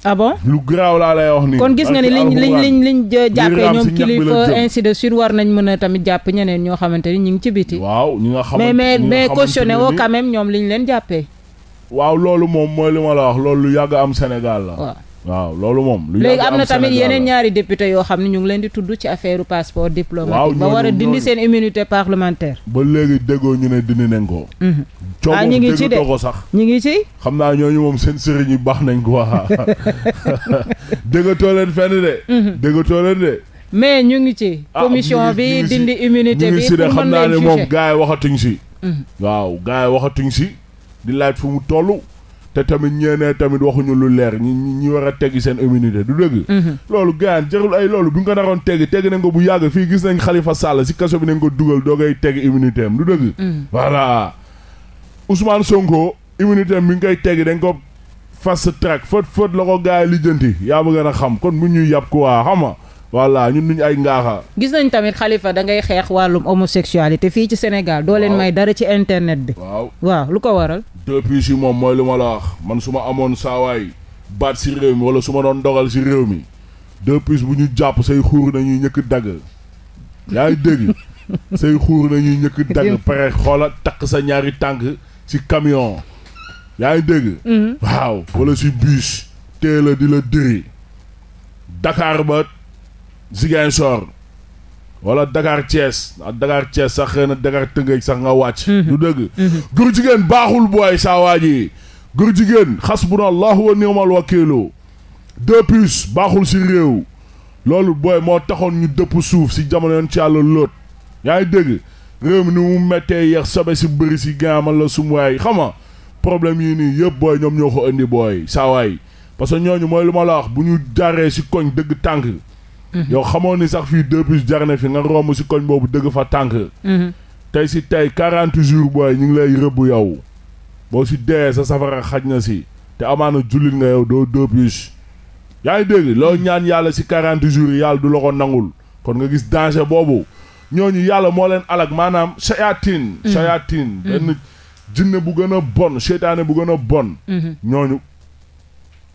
ah bon lu garaaw laa lay wax nii. kon gis nga ni liñ liñ liñ liñ jàppee ñoom kilifa ainsi de suite war nañ mën a tamit jàpp ñeneen ñoo xamante ni ñu ngi ci biti. waaw ñi nga xamante mais mais cautionné woo quand même ñoom liñ leen jàppee. waaw loolu moom mooy li ma la wax loolu lu yàgg am Sénégal la. waaw. waaw loolu moom. lu léegi am na tamit yeneen ñaari député yoo xam ne ñu ngi leen di tudd ci affaire passeport diplomatique. ba war a dindi seen immunité parlementaire. ba léegi déggoo ñu ne dindi nañ ko. Mhm. ah ñu ngi ci de ko sax. ñu ngi ci. xam naa ñooñu moom seen sëriñ yi baax nañ ko waa *laughs* déggatoo leen fenn de. Mhm. déggatoo leen de. mais ñu ngi ci. Ah, commission bi dindi immunité bi pour xam naa ne moom gars yi waxatuñ si. Mhm. waaw gars yi waxatuñ si di laaj fu mu toll. te tamit ñeenee tamit waxuñu lu leer ñi ñi war a teggi seen immunité du dëgg mhm. loolu gaan jarul ay loolu bu ñu ko naroon teggi teggi nañ ko bu yàgg fii gis nañ Khalifa Sall si kaso bi nañ ko dugal doo koy teggi immunité am du dëgg mhm. voilà Ousmane Sonko immunité am bi koy teggi dañ ko fas track fët fët la ko gars yi lijjanti yaa bëgg a xam kon mu ñuy yàpp ko waa xama voilà ñun duñu ay ngaaxa. gis nañ tamit xalifa dangay ngay xeex wàllum homosexualité fii ci Sénégal. doo leen may dara ci internet bi. waaw waaw lu ko waral. depuis yi moom mooy lu ma la wax man su ma amoon saawaay baat si réew mi wala su ma doon dogal si réew mi depuis bu ñu jàpp say xuur nañuy ñëkk dagg yaa ngi dégg *laughs* say xuur nañuy ñëkk dagg pare xoola takk sa ñaari tànk ci camion yaa ngi dégg mhm. waaw wala si bus teel a di la dëri Dakar ba Ziguinchor wala Dakar Thiès ak Dakar Thiès sax na Dakar Tëngéej sax nga wàcc. Mhm. du dëgg. Mhm. góor jigéen baaxul booy saa waa ji góor jigéen xasbuna allahu wa ni'mal wakiilu deux puces baaxul si réew loolu booy moo taxoon ñu dëpp suuf si jamono yoon ci yàlla lóot yaa ngi dégg réew ni mu méttee yeex sobe si bëri si gaamal la sum waay xam nga problème yii nii yëpp booy ñoom ñoo ko indi booy saa waay parce que ñooñu mooy lu ma la wax bu ñu jaaree si koñ dëgg tànk. Mhm. yow xamoon ni sax fii deux plus jar na fi nga romb si koñ boobu dëgg fa tànk mhm. tey si tey quarante jours booy ñu ngi lay rëbb yow boo si dee sa safara xaj na si te amaan jullit nga yow doo deux plus yaa ngi dégg loo mhm. ñaan yàlla si quarante jours yàlla du la ko nangul kon nga gis danger boobu ñooñu yàlla moo leen alag maanaam sayaatin sayaatin benn jinne bu gën a bon seytaane bu gën bon ñooñu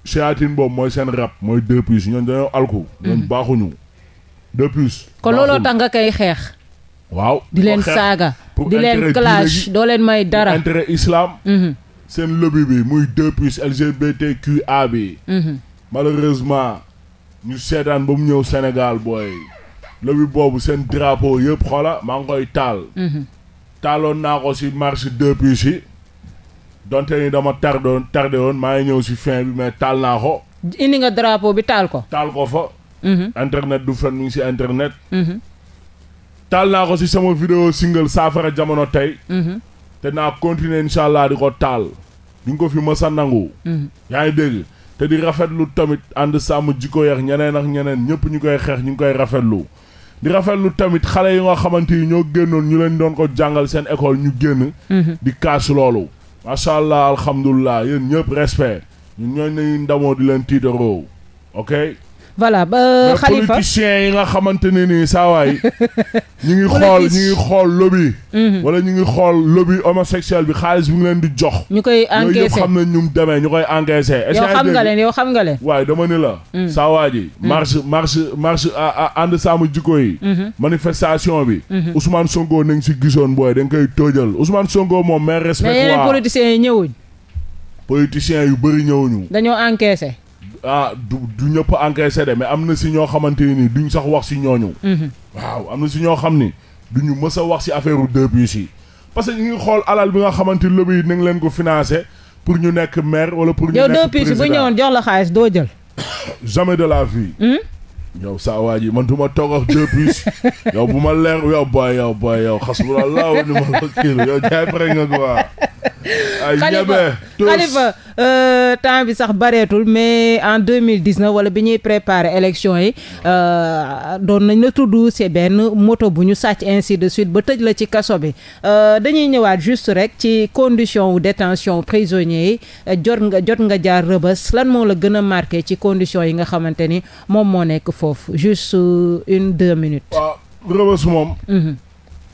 seyaatin boobu mooy seen rab mooy deux puces ñoom dañoo alku ñoom mhm. baaxuñu deux puces kon looloo tax nga koy xeex waaw di leen saaga di leen clash doo leen may dara islaam mhm. seen lobby bi muy deux puces LGBTQA bi mhm. malheureusement ñu seetaan ba mu ñëw Sénégal booy lobby boobu seen drapeau yëpp xoola maa ngi koy taal taaloon naa ko si marche deux yi donte ni dama tardé woon tardé woon maa ngi ñëw si fin bi mais taal naa ko. indi nga drapeau bi taal ko. taal ko fa. Mhm. internet du fen mu ngi si internet. Mhm. taal naa ko si sama vidéo single saafara jamono tey. Mhm. te naa continuer incha allah di ko taal. di nga ko fi mës a nangu. yaa ngi dégg te di rafetlu tamit ànd sàmm jikko yeex ñeneen ak ñeneen ñëpp ñu koy xeex ñu ngi koy rafetlu. di rafetlu tamit xale yi nga xamante yi ñoo génnoon ñu leen doon ko jàngal seen école ñu génn. di macha allah alhamdulilah yéen ñëpp respect ñun ñooñu nañu ndamoo di leen tiitaroo ok. voilà ba xalifa euh, yi nga xamante ne nii saawaay *laughs* ñu ngi xool ñu ngi xool lobby mhm. wala ñu ngi xool lobby homosexuel bi xaalis bi ngi leen di jox ñu koy encaissé xam na ñum demee ñu koy encaissé yow xam nga leen yow xam nga leen waaye dama ni la mm. saawaa ji mm. marche marche marche ànd saamu jikko yi mhm. manifestation bi mhm. Ousmane Sonko na nga si gisoon booy dañ nga koy tóojal Ousmane Sonko moom mais respect waa mais yeneen politiciens yi ñëwuñ politiciens yu bëri ñëwuñu dañoo encaissé ah du du ñëpp encaissé de mais am na si ñoo xamante ni duñu sax wax si ñooñu. Mhm. waaw am na si ñoo xam ni duñu mës a wax si affaire u deux bus yi parce que ñu ngi xool alal bi nga xamante ni lobby yi nañ leen ko financé pour ñu nekk maire wala pour. ñu nekk président yow deux bus bu ñëwoon jox xaalis doo jël. *coughs* jamais de la vie. Hmm? yow saa waa ji man du ma toog ak deux bus *laughs* yow bu ma leer yow booy yow booy yow xas bu la laaw ni ma la kii yow jaay pare nga quoi. xalifa xalifa euh, temps bi sax bareetul mais en deux mille dix neuf wala bi ñuy préparer élection yi euh, doon nañ la tudd ci benn moto bu ñu sàcc ainsi de suite ba tëj la ci kaso bi euh, dañuy ñëwaat juste rek ci condition wu détention prisonniers yi jot nga jot nga jaar rëbës lan moo la gën a marqué ci condition yi nga xamante ni moom moo nekk foofu juste une deux minutes. waaw rëbës moom. Mhm.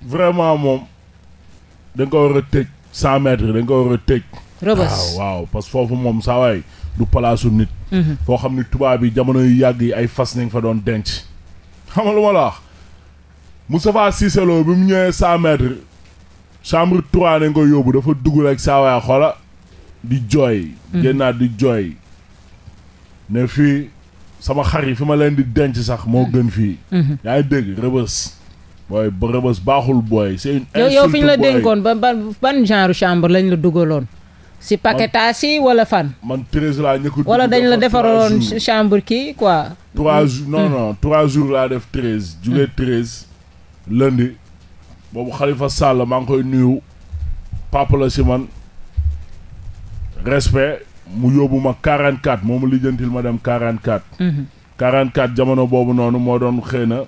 vraiment moom da war a tëj. cent mètres dañ ko war a tëj. waaw waaw parce que foofu moom saa waay du palaasu nit. Mhm. foo xam ni tubaab yi jamono yu yàgg yi ay fas nañ fa doon denc. xam nga la wax Moustapha Cissé Lo bi mu ñëwee cent mètres chambre dafa dugg rek saa waay di jooy. Mhm. génnaat di fii sama xar yi fi ma leen di denc sax moo mhm. gën fii. yaa dégg rëbës. booy ba rëbës baaxul booy. c'est une insulte yow fi ñu la dénkoon ba ban genre chambre lañ la dugaloon. si paquetage yi wala fan. man treize laa ñëkk wala dañ la defaroon chambre kii quoi. trois hmm. jours hmm. trois jours laa def treize. jugee hmm. treize. lundi. boobu xalifa Sall maa koy nuyu. papa la si man. respect mu yóbbu ma 44 moomu lijjantil ma dem 44. 44 jamono boobu noonu moo doon xëy na.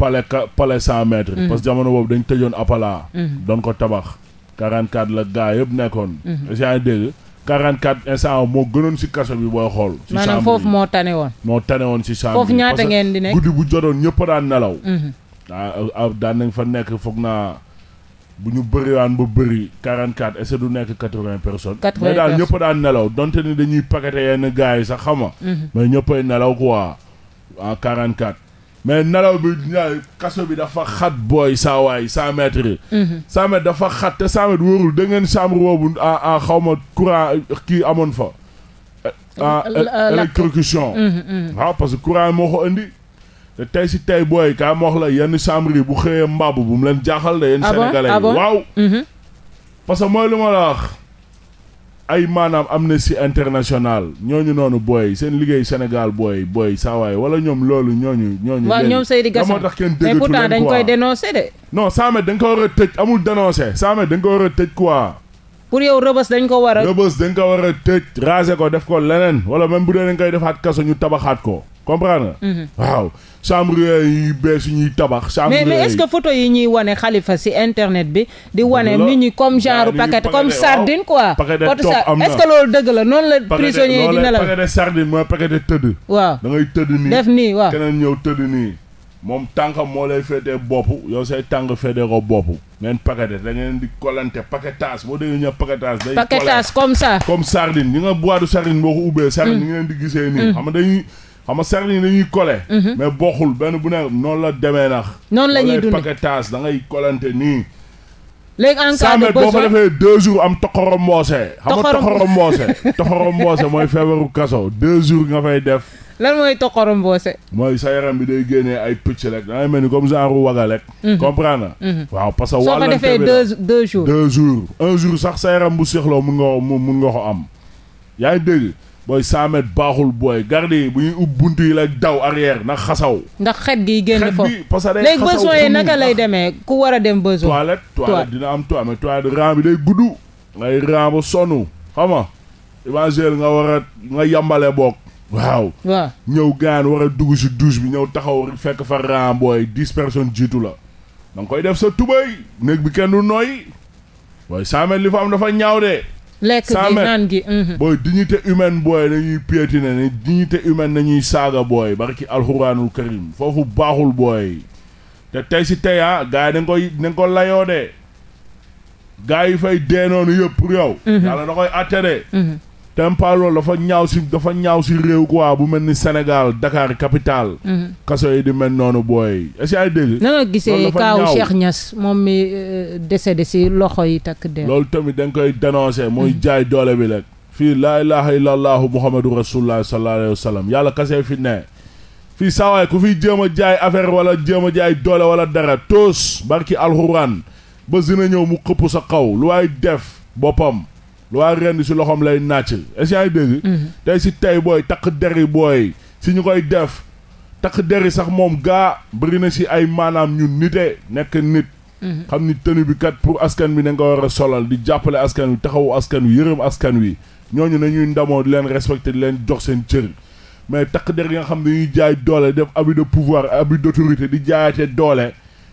palais ka palais cent mètres. Mhm. parce que jamono boobu dañ tëjoon Apala. Mhm. doon ko tabax. 44 la gaa yëpp nekkoon. Mhm. yaa ngi dégg 44 instant moo gënoon si kaso bi booy xool. si chambre maanaam foofu moo tane woon. moo tane woon si chambre foofu ñaata ngeen di nekk guddi bu jotoon ñëpp daan nelaw. Ah, ah daan nañ fa nekk foog naa bu ñu bëriwaan ba bëri 44 est-ce que du nekk 80 personnes. 80 personnes mais daal ñëpp daan nelaw donte ni dañuy paqueté yenn gars yi sax xam mais nelaw bi kaso bi dafa xat booy saa waay cent mhm. dafa xat te cent mètres wóorul da ngeen chambre boobu à ah, ah, xaw ma courant kii amoon fa. ah électrocution. waaw mhm, mhm. ah, parce que courant moo ko indi. te si tey booy kaa ma la yenn chambre yi bu xëyee mbabu bu mu leen jaaxal de. yenn sénégalais yi waaw. ma la ay maanaam Amnesty International ñooñu noonu booy seen liggéey Sénégal booy booy saawaay wala ñoom loolu ñooñu. ñooñu waaw ñoom Seydi Gassama moo tax kenn déggatu leen quoi mais pourtant koy dénoncer de. non Samet da ko war a tëj amul dénoncer Samet da nga ko war a tëj quoi. pour yow rëbës dañ ko war a. rëbës dañ ko war a tëj. raser ko def ko leneen wala même bu dee dañ koy defaat kaso ñu tabaxaat ko. comprendre nga. Mhm. waaw chambre yi bees yi ñuy tabax. chambre yi ñuy wane xalifa si internet bi. di wane nit ñi comme genre paquet comme sardine na est-ce que loolu dëgg la noonu la. prisonnier yi dina la paquet moo lay féetee bopp yow say tànk féetee ko bopp. ngeen paqueté da ngeen di collante paquetage boo déggee ñu paquetage. day paquetage comme ça. sardine ñi nga sardine boo ko ubbee. sardine ñi mm. gisee nii. Mm. xam nga dañuy. xam nga serre yi dañuy collé. Mhm. mais benn bu ne noonu la demee nax noonu la ñuy dundee paquetage da ngay collante nii. léegi en cas boo ko defee deux jours am toxorom mboose. xam nga toxorom mboose. *laughs* toxorom mooy feebaru kaso deux jours nga fay def. lan mooy toxorom mboose. mooy sa yaram bi day génnee ay picc rek da ngay mel ni comme genre wagal rek. Mhm. comprendre na. Mhm. waaw parce que wàllante bi soo ko sax sa yaram bu seexloo mu nga ko mun nga ko am yaa ngi booy 100 mètres baaxul booy garde yi bu ñuy ub buntu yi la daw arrière ndax xasaw. ndax xet gi génn foofu xet bi léegi besoin yi naka lay demee ku war a dem besoin. toilette toilette dina am toilette mais toilette rang bi day gudd. ngay rang ba sonn xam nga nga war a nga yambale boog. waaw ñëw gaan war a dugg si douche bi ñëw taxaw fekk fa rang booy dix personnes jiitu la. da koy def sa tubay néeg bi kenn du nooy. booy 100 li fa am dafa ñaaw de. lekk gi naan gi mhm. booy dignité humaine booy nañuy piétiner ne dignité humaine nañuy saaga booy barki alxuraanul karim foofu baaxul booy te tey si tey ah gars yi dañ koy de gars yi fay dee noonu yëpp pour yow. Mhm. yàlla da koy tempa loolu dafa ñaaw si dafa ñaaw si réew quoi bu mel ni senegaal Dakar capitale. Mhm. kaso yi di mel noonu booy est-ce que gisee kaaw Cheikh Niass moom mi euh, décédé si loxo yi takk der. loolu tamit da koy dénoncé mooy mhm. jaay doole bi rek. fii laa ilaha illa allahu muhammadu rasulullah sallallahu alayhi wa sallam yàlla kase fi ne fii saawaay ku fiy jëm a jaay affaire wala jéem a jaay doole wala dara toos barki alxuraan ba zina ñëw mu xëpp sa xaw lu waay def boppam lu waa rend si loxoom lay naaj est-ce yaa ngi dégg mhm. tey si tey booy takk deri booy si ñu koy def takk deri sax moom gaa bëri na si ay maanaam ñu nite nekk nit mhm. xam ni tenue bi kat pour askan wi na nga war a solal di jàppale askan wi taxawu askan wi yërëm askan wi ñooñu ñuy ndamoo leen respecté leen jox seen cër mais takk der yi nga xam ne ñuy jaay doole def abus de pouvoir abus d'autorité di jaayate doole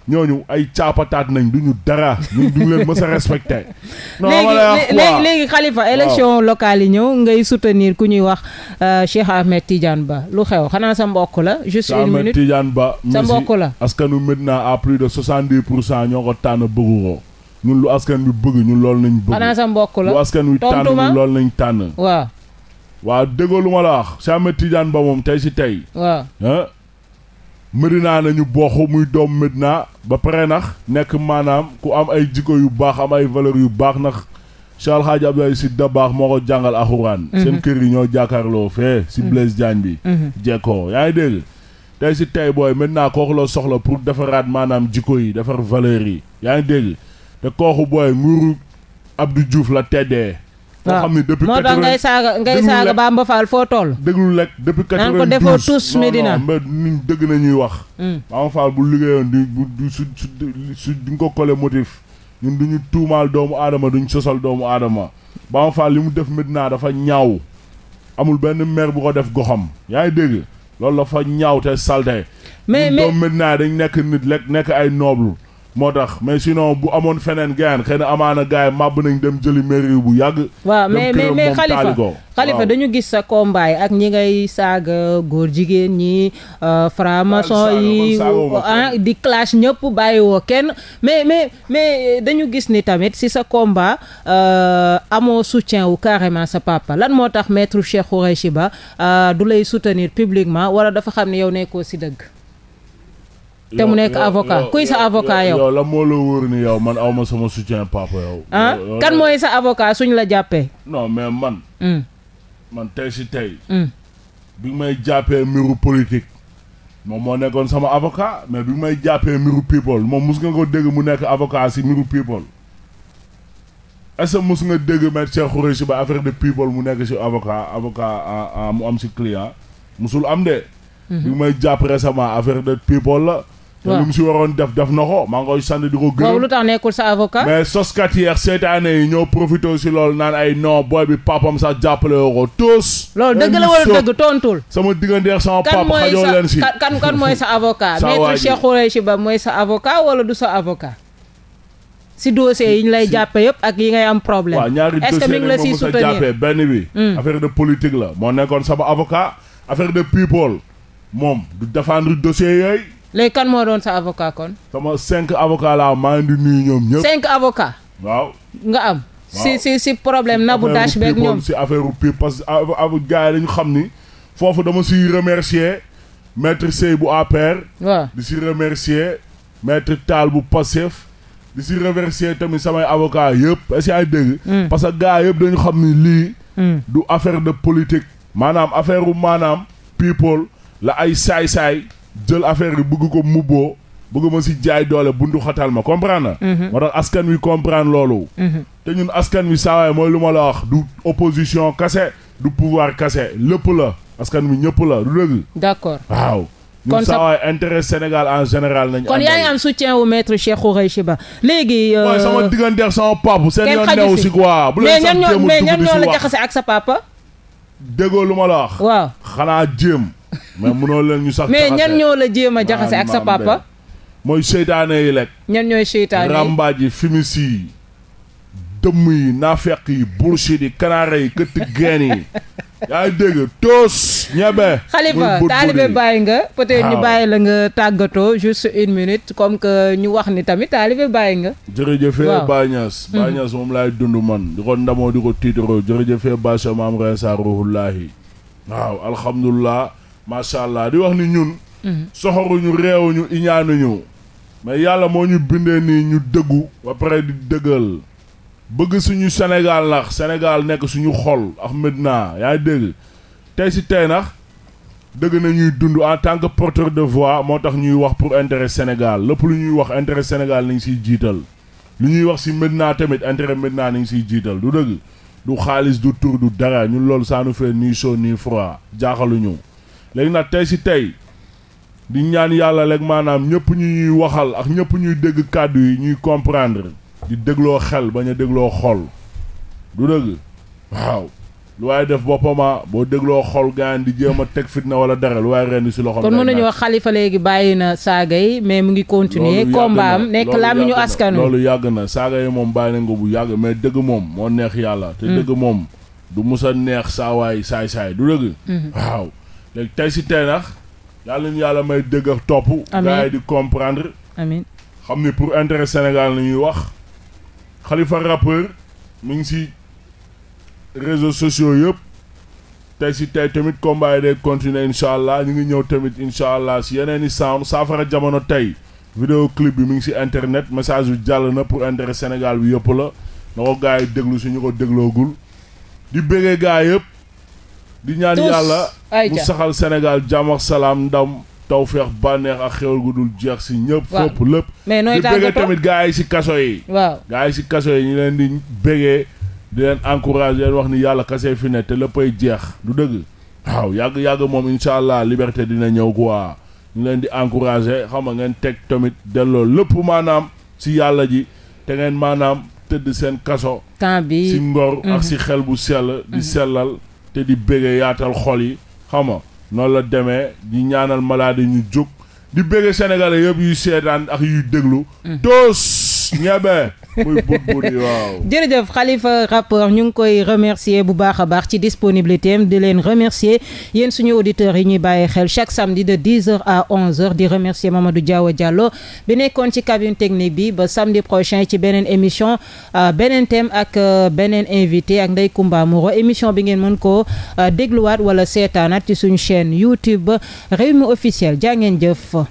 ñooñu ay caapataat nañ du ñu dara ñun du leen mës a respecté. *laughs* non léegi léegi Khalifa élection locale yi ñëw ngay soutenir ku ñuy wax euh, Cheikh Ahmed Tidiane Ba lu xew xanaa sa mbokk la. juste une minute Ahmed Tidiane Ba. sa mbokk la askanu Medina à plus de 70 pour cent ñoo ko tànn bëggu ñun lu askan bi bëgg ñun loolu nañ bëgg. xanaa sa mbokk la lu askan wi tànn ñun loolu tànn. waaw. waa déggoo lu ma la wax Cheikh Ahmed Tidiane Ba moom tey si tey. waaw Medina nañu booxu muy doom Medina ba pare nax nekk maanaam ku am ay jikko yu baax am ay valeur yu baax nax Cheikh El Hadj Abdoulaye Sy Dabakh moo ko jàngal alxuraan mhm. seen kër gi ñoo jàkkaarloo fee mhm. si Blaise Diagne bi mhm. jekkoo yaa ngi dégg tey si tey booy maintenant kooku la soxla pour defaraat maanaam jikko yi defar valeur yi yaa ngi dégg te kooku booy nguuru du Diouf la teddee foo xam ne depuis. moo tax ngay saaga ngay saaga Bamba Fall foo toll. déglu lekk depuis quatre vingt dix defoo tous Medina ñun dëgg na ñuy wax. Hmm. Bamba Fall bu liggéeyoon du su su su duñ ko collé motif ñun du ñu tuumaal doomu aadama duñ sosal doomu aadama Bamba Fall li mu def Medina dafa ñaaw amul benn maire bu ko def goxam yaa ngi dégg loolu dafa ñaaw te salte. mais mais ñun dañu nekk nit lekk nekk ay noble moo tax mais sinon bu amoon feneen gaan xëy na amaana gars yi màbb nañ dem jëli mairie bu yàgg. waaw mais mais mais xalifa dañu gis sa kombaay ak ñi ngay saaga góor jigéen ñi euh, franc yi ah, di clash ñëpp bàyyi woo kenn mais mais mais dañu gis ni tamit si sa combat euh, amoo soutien wu carrément sa papa lan moo tax maître Cheikh Khoureychi Ba euh, du lay soutenir publiquement wala dafa xam ne yow nekkoo si dëgg. te mu nekk avocat kuy sa avocat yow. la moo la wóor ni yow man awma sama soutien papa yow. Ah? kan mooy sa avocat suñ la jàppee. non mais man. Mm. man tey si tey. Mm. bi may jàppee mbiru politique. moom moo nekkoon sama avocat mais bi may jàppee mbiru people moom mus nga ko dégg mu nekk avocat si mbiru people. est que mus nga dégg maître Cheikh Khoureyssi ba affaire de people mu nekk si avocat avocat mu am si client musul am de. Mm-hmm. bi may jàpp récemment affaire de people la. te lu mu si waroon def def na ko maa ngi koy sant di ko gërëm. boobu lu tax nekkul sa avocat. mais soskat yeex seetaane yi ñoo profité si lool naan ay non booy bi papam sax jàppale woo ko toos. loolu dëgg la wala dëgg tontul. sama digganteex sama papa xajoo leen si kan kan mooy sa avocat. *laughs* sa maître Cheikh Ba mooy sa avocat wala du sa avocat. si dossier yi ñu lay jàppe yëpp ak yi ngay am problème. waaw ñaari dossier la moom sa jàppee benn bi. Hmm. affaire de politique la moo nekkoon sama avocat affaire de léegi kan moo doon sa avocat kon. sama cinq avocat laa maa ngi di nuyu ñoom ñëpp. cinq avocat. waaw nga am. si si si problème Nabou Dash beeg ñoom si affaire u pipe parce que yi dañu xam ni foofu dama siy remercier maître Sey bu APR. waaw di si remercier maître Tall bu Pastef di si remercier tamit samay avocat yëpp est-ce que ay dégg. Hmm. parce que gars dañu xam ni lii. Hmm. du affaire de politique. maanaam affaire u maanaam people la ay saay-saay. jël affaire bi bëgg ko mubboo bëgg ma si jaay doole bundu xatal ma comprendre na mhm. moo askan wi comprendre loolu mhm. te ñun askan wi saawaay mooy lu ma la wax du opposition kase du pouvoir kase lépp la askan wi ñëpp la du dëgg d'accord waaw kon sa waaye intérêt Sénégal en général nañu. kon yaa ngi am soutien wu maître Cheikh Khoureychi Ba léegi. mooy euh, sama digganteeg sama papa. seen yoon neew si quoi bu leen sax jéem a dugg di si wax mais ñan ñoo la jaxase ak sa lu ma la wax. waaw xanaa mais munoo leen ñu sax. mais ñan ñoo la jéem a jaxase ak sa papa. mooy seytaane yi lekk. ñan ñooy seytaane yi ràmbaaj yi fimisi yi dëmm yi naafeq yi bullshit yi kanaare yi këtt geen yi. *laughs* yaa dégg toos ñebe. xalifa taalibe bàyyi nga peut-être ñu bàyyi la nga tàggatoo juste une minute comme que ñu wax ni tamit taalibe bàyyi nga. jërëjëfee Baye Niass. Mm-hmm. Baye moom laay dund man di ko ndamoo di ko tiitaroo jërëjëfee Baye Maam Reen Sa Ruhullaahi waaw alhamdulilah. macha allah di wax ni ñun. Mhm. soxoruñu réewuñu iñaanuñu mais yàlla moo ñu bindee nii ñu dëggu ba pare di dëggal bëgg suñu Sénégal nax Sénégal nekk suñu xol ak Medina yaa ngi dégg tey si tey nax dëgg na ñuy dund en tant que porteur de voix moo tax ñuy wax pour intérêt Sénégal lépp lu ñuy wax intere Sénégal nañ siy jiital lu ñuy wax si Medina tamit intérêt Medina nañ siy jiital du dëgg du xaalis du tur du dara ñu loolu saanu fee nii chaud nii froid jaaxaluñu léegi nag tey si tey di ñaan yàlla rek maanaam ñëpp ñuy waxal ak ñëpp ñuy dégg kàddu yi ñuy comprendre di dégloo xel bañ a dégloo xol du dëgg waaw lu waaye def boppama ah, boo dégloo xol gaan di jéem a teg fitna wala dara lu waaye ren si loxo. kon mën nañu xalifa léegi bàyyi na saaga yi mais mu ngi continuer combat am nekk làmmiñu askan loolu yàgg na saaga yi moom bàyyi na nga bu yàgg mais dëgg moom moo neex yàlla te mm. dëgg moom du musa neex saawaay saay saay du dëgg mm-hmm. léegi tey si tey nax yàlla ñu yàlla may dëgg topp gars yi di comprendre amiin xam ni pour intere Sénégal la ñuy wax xalifa rappeur mu ngi si réseau sociaux yëpp tey si tey tamit combat yi day continuer incha allah ñu ngi ñëw tamit incha allah si yeneen i sound saafara jamono tey vidéo clip bi mu ngi si internet message bi jàll na pour intérêt Sénégal bi yëpp la na ko gars yi déglu suñu ko dégloogul di bëggee gars yëpp di ñaan yàlla mu saxal Sénégal jàmm ak salaam ndam tawfeex bànneex ak xéwal gu dul jeex si ñëpp fopp lépp mais nooy bëggee tamit gars yi si kaso yi waaw yi si kaso yi ñu leen di bëggee di leen encouragé leen wax ni yàlla kase fi ne te léppay jeex du dëgg waaw yàgg yàgg moom incha allah liberté dina ñëw quoi ñu leen di encouragé xam nga ngeen teg tamit delloo lépp maanaam si yàlla ji te ngeen maanaam tëdd seen kaso temps bi si ngor ak si mhm. xel bu sell di mhm. sellal te di bëggee yaatal xol yi xam a noonu la demee di ñaanal malade ñu jóg di bëggee sénégalais yëpp yuy seetaan ak yuy déglu. Mm. tos ñebe. muy buut waaw. jërëjëf Khalifa rapport ñu ngi koy remercier bu baax a baax ci disponibilité di leen remercier yéen suñu auditeurs yi ñuy bàyyi xel chaque samedi de 10h à 11h di remercier Mamadou Diawa Diallo bi nekkoon ci cabine technique bi ba samedi prochain ci beneen émission euh, beneen thème ak euh, beneen invité ak Ndeye Comba Moreau émission bi ngeen mën ko euh, dégluwaat wala seetaanaat ci suñu chaîne YouTube Rewmi officiel jaa ngeen jëf.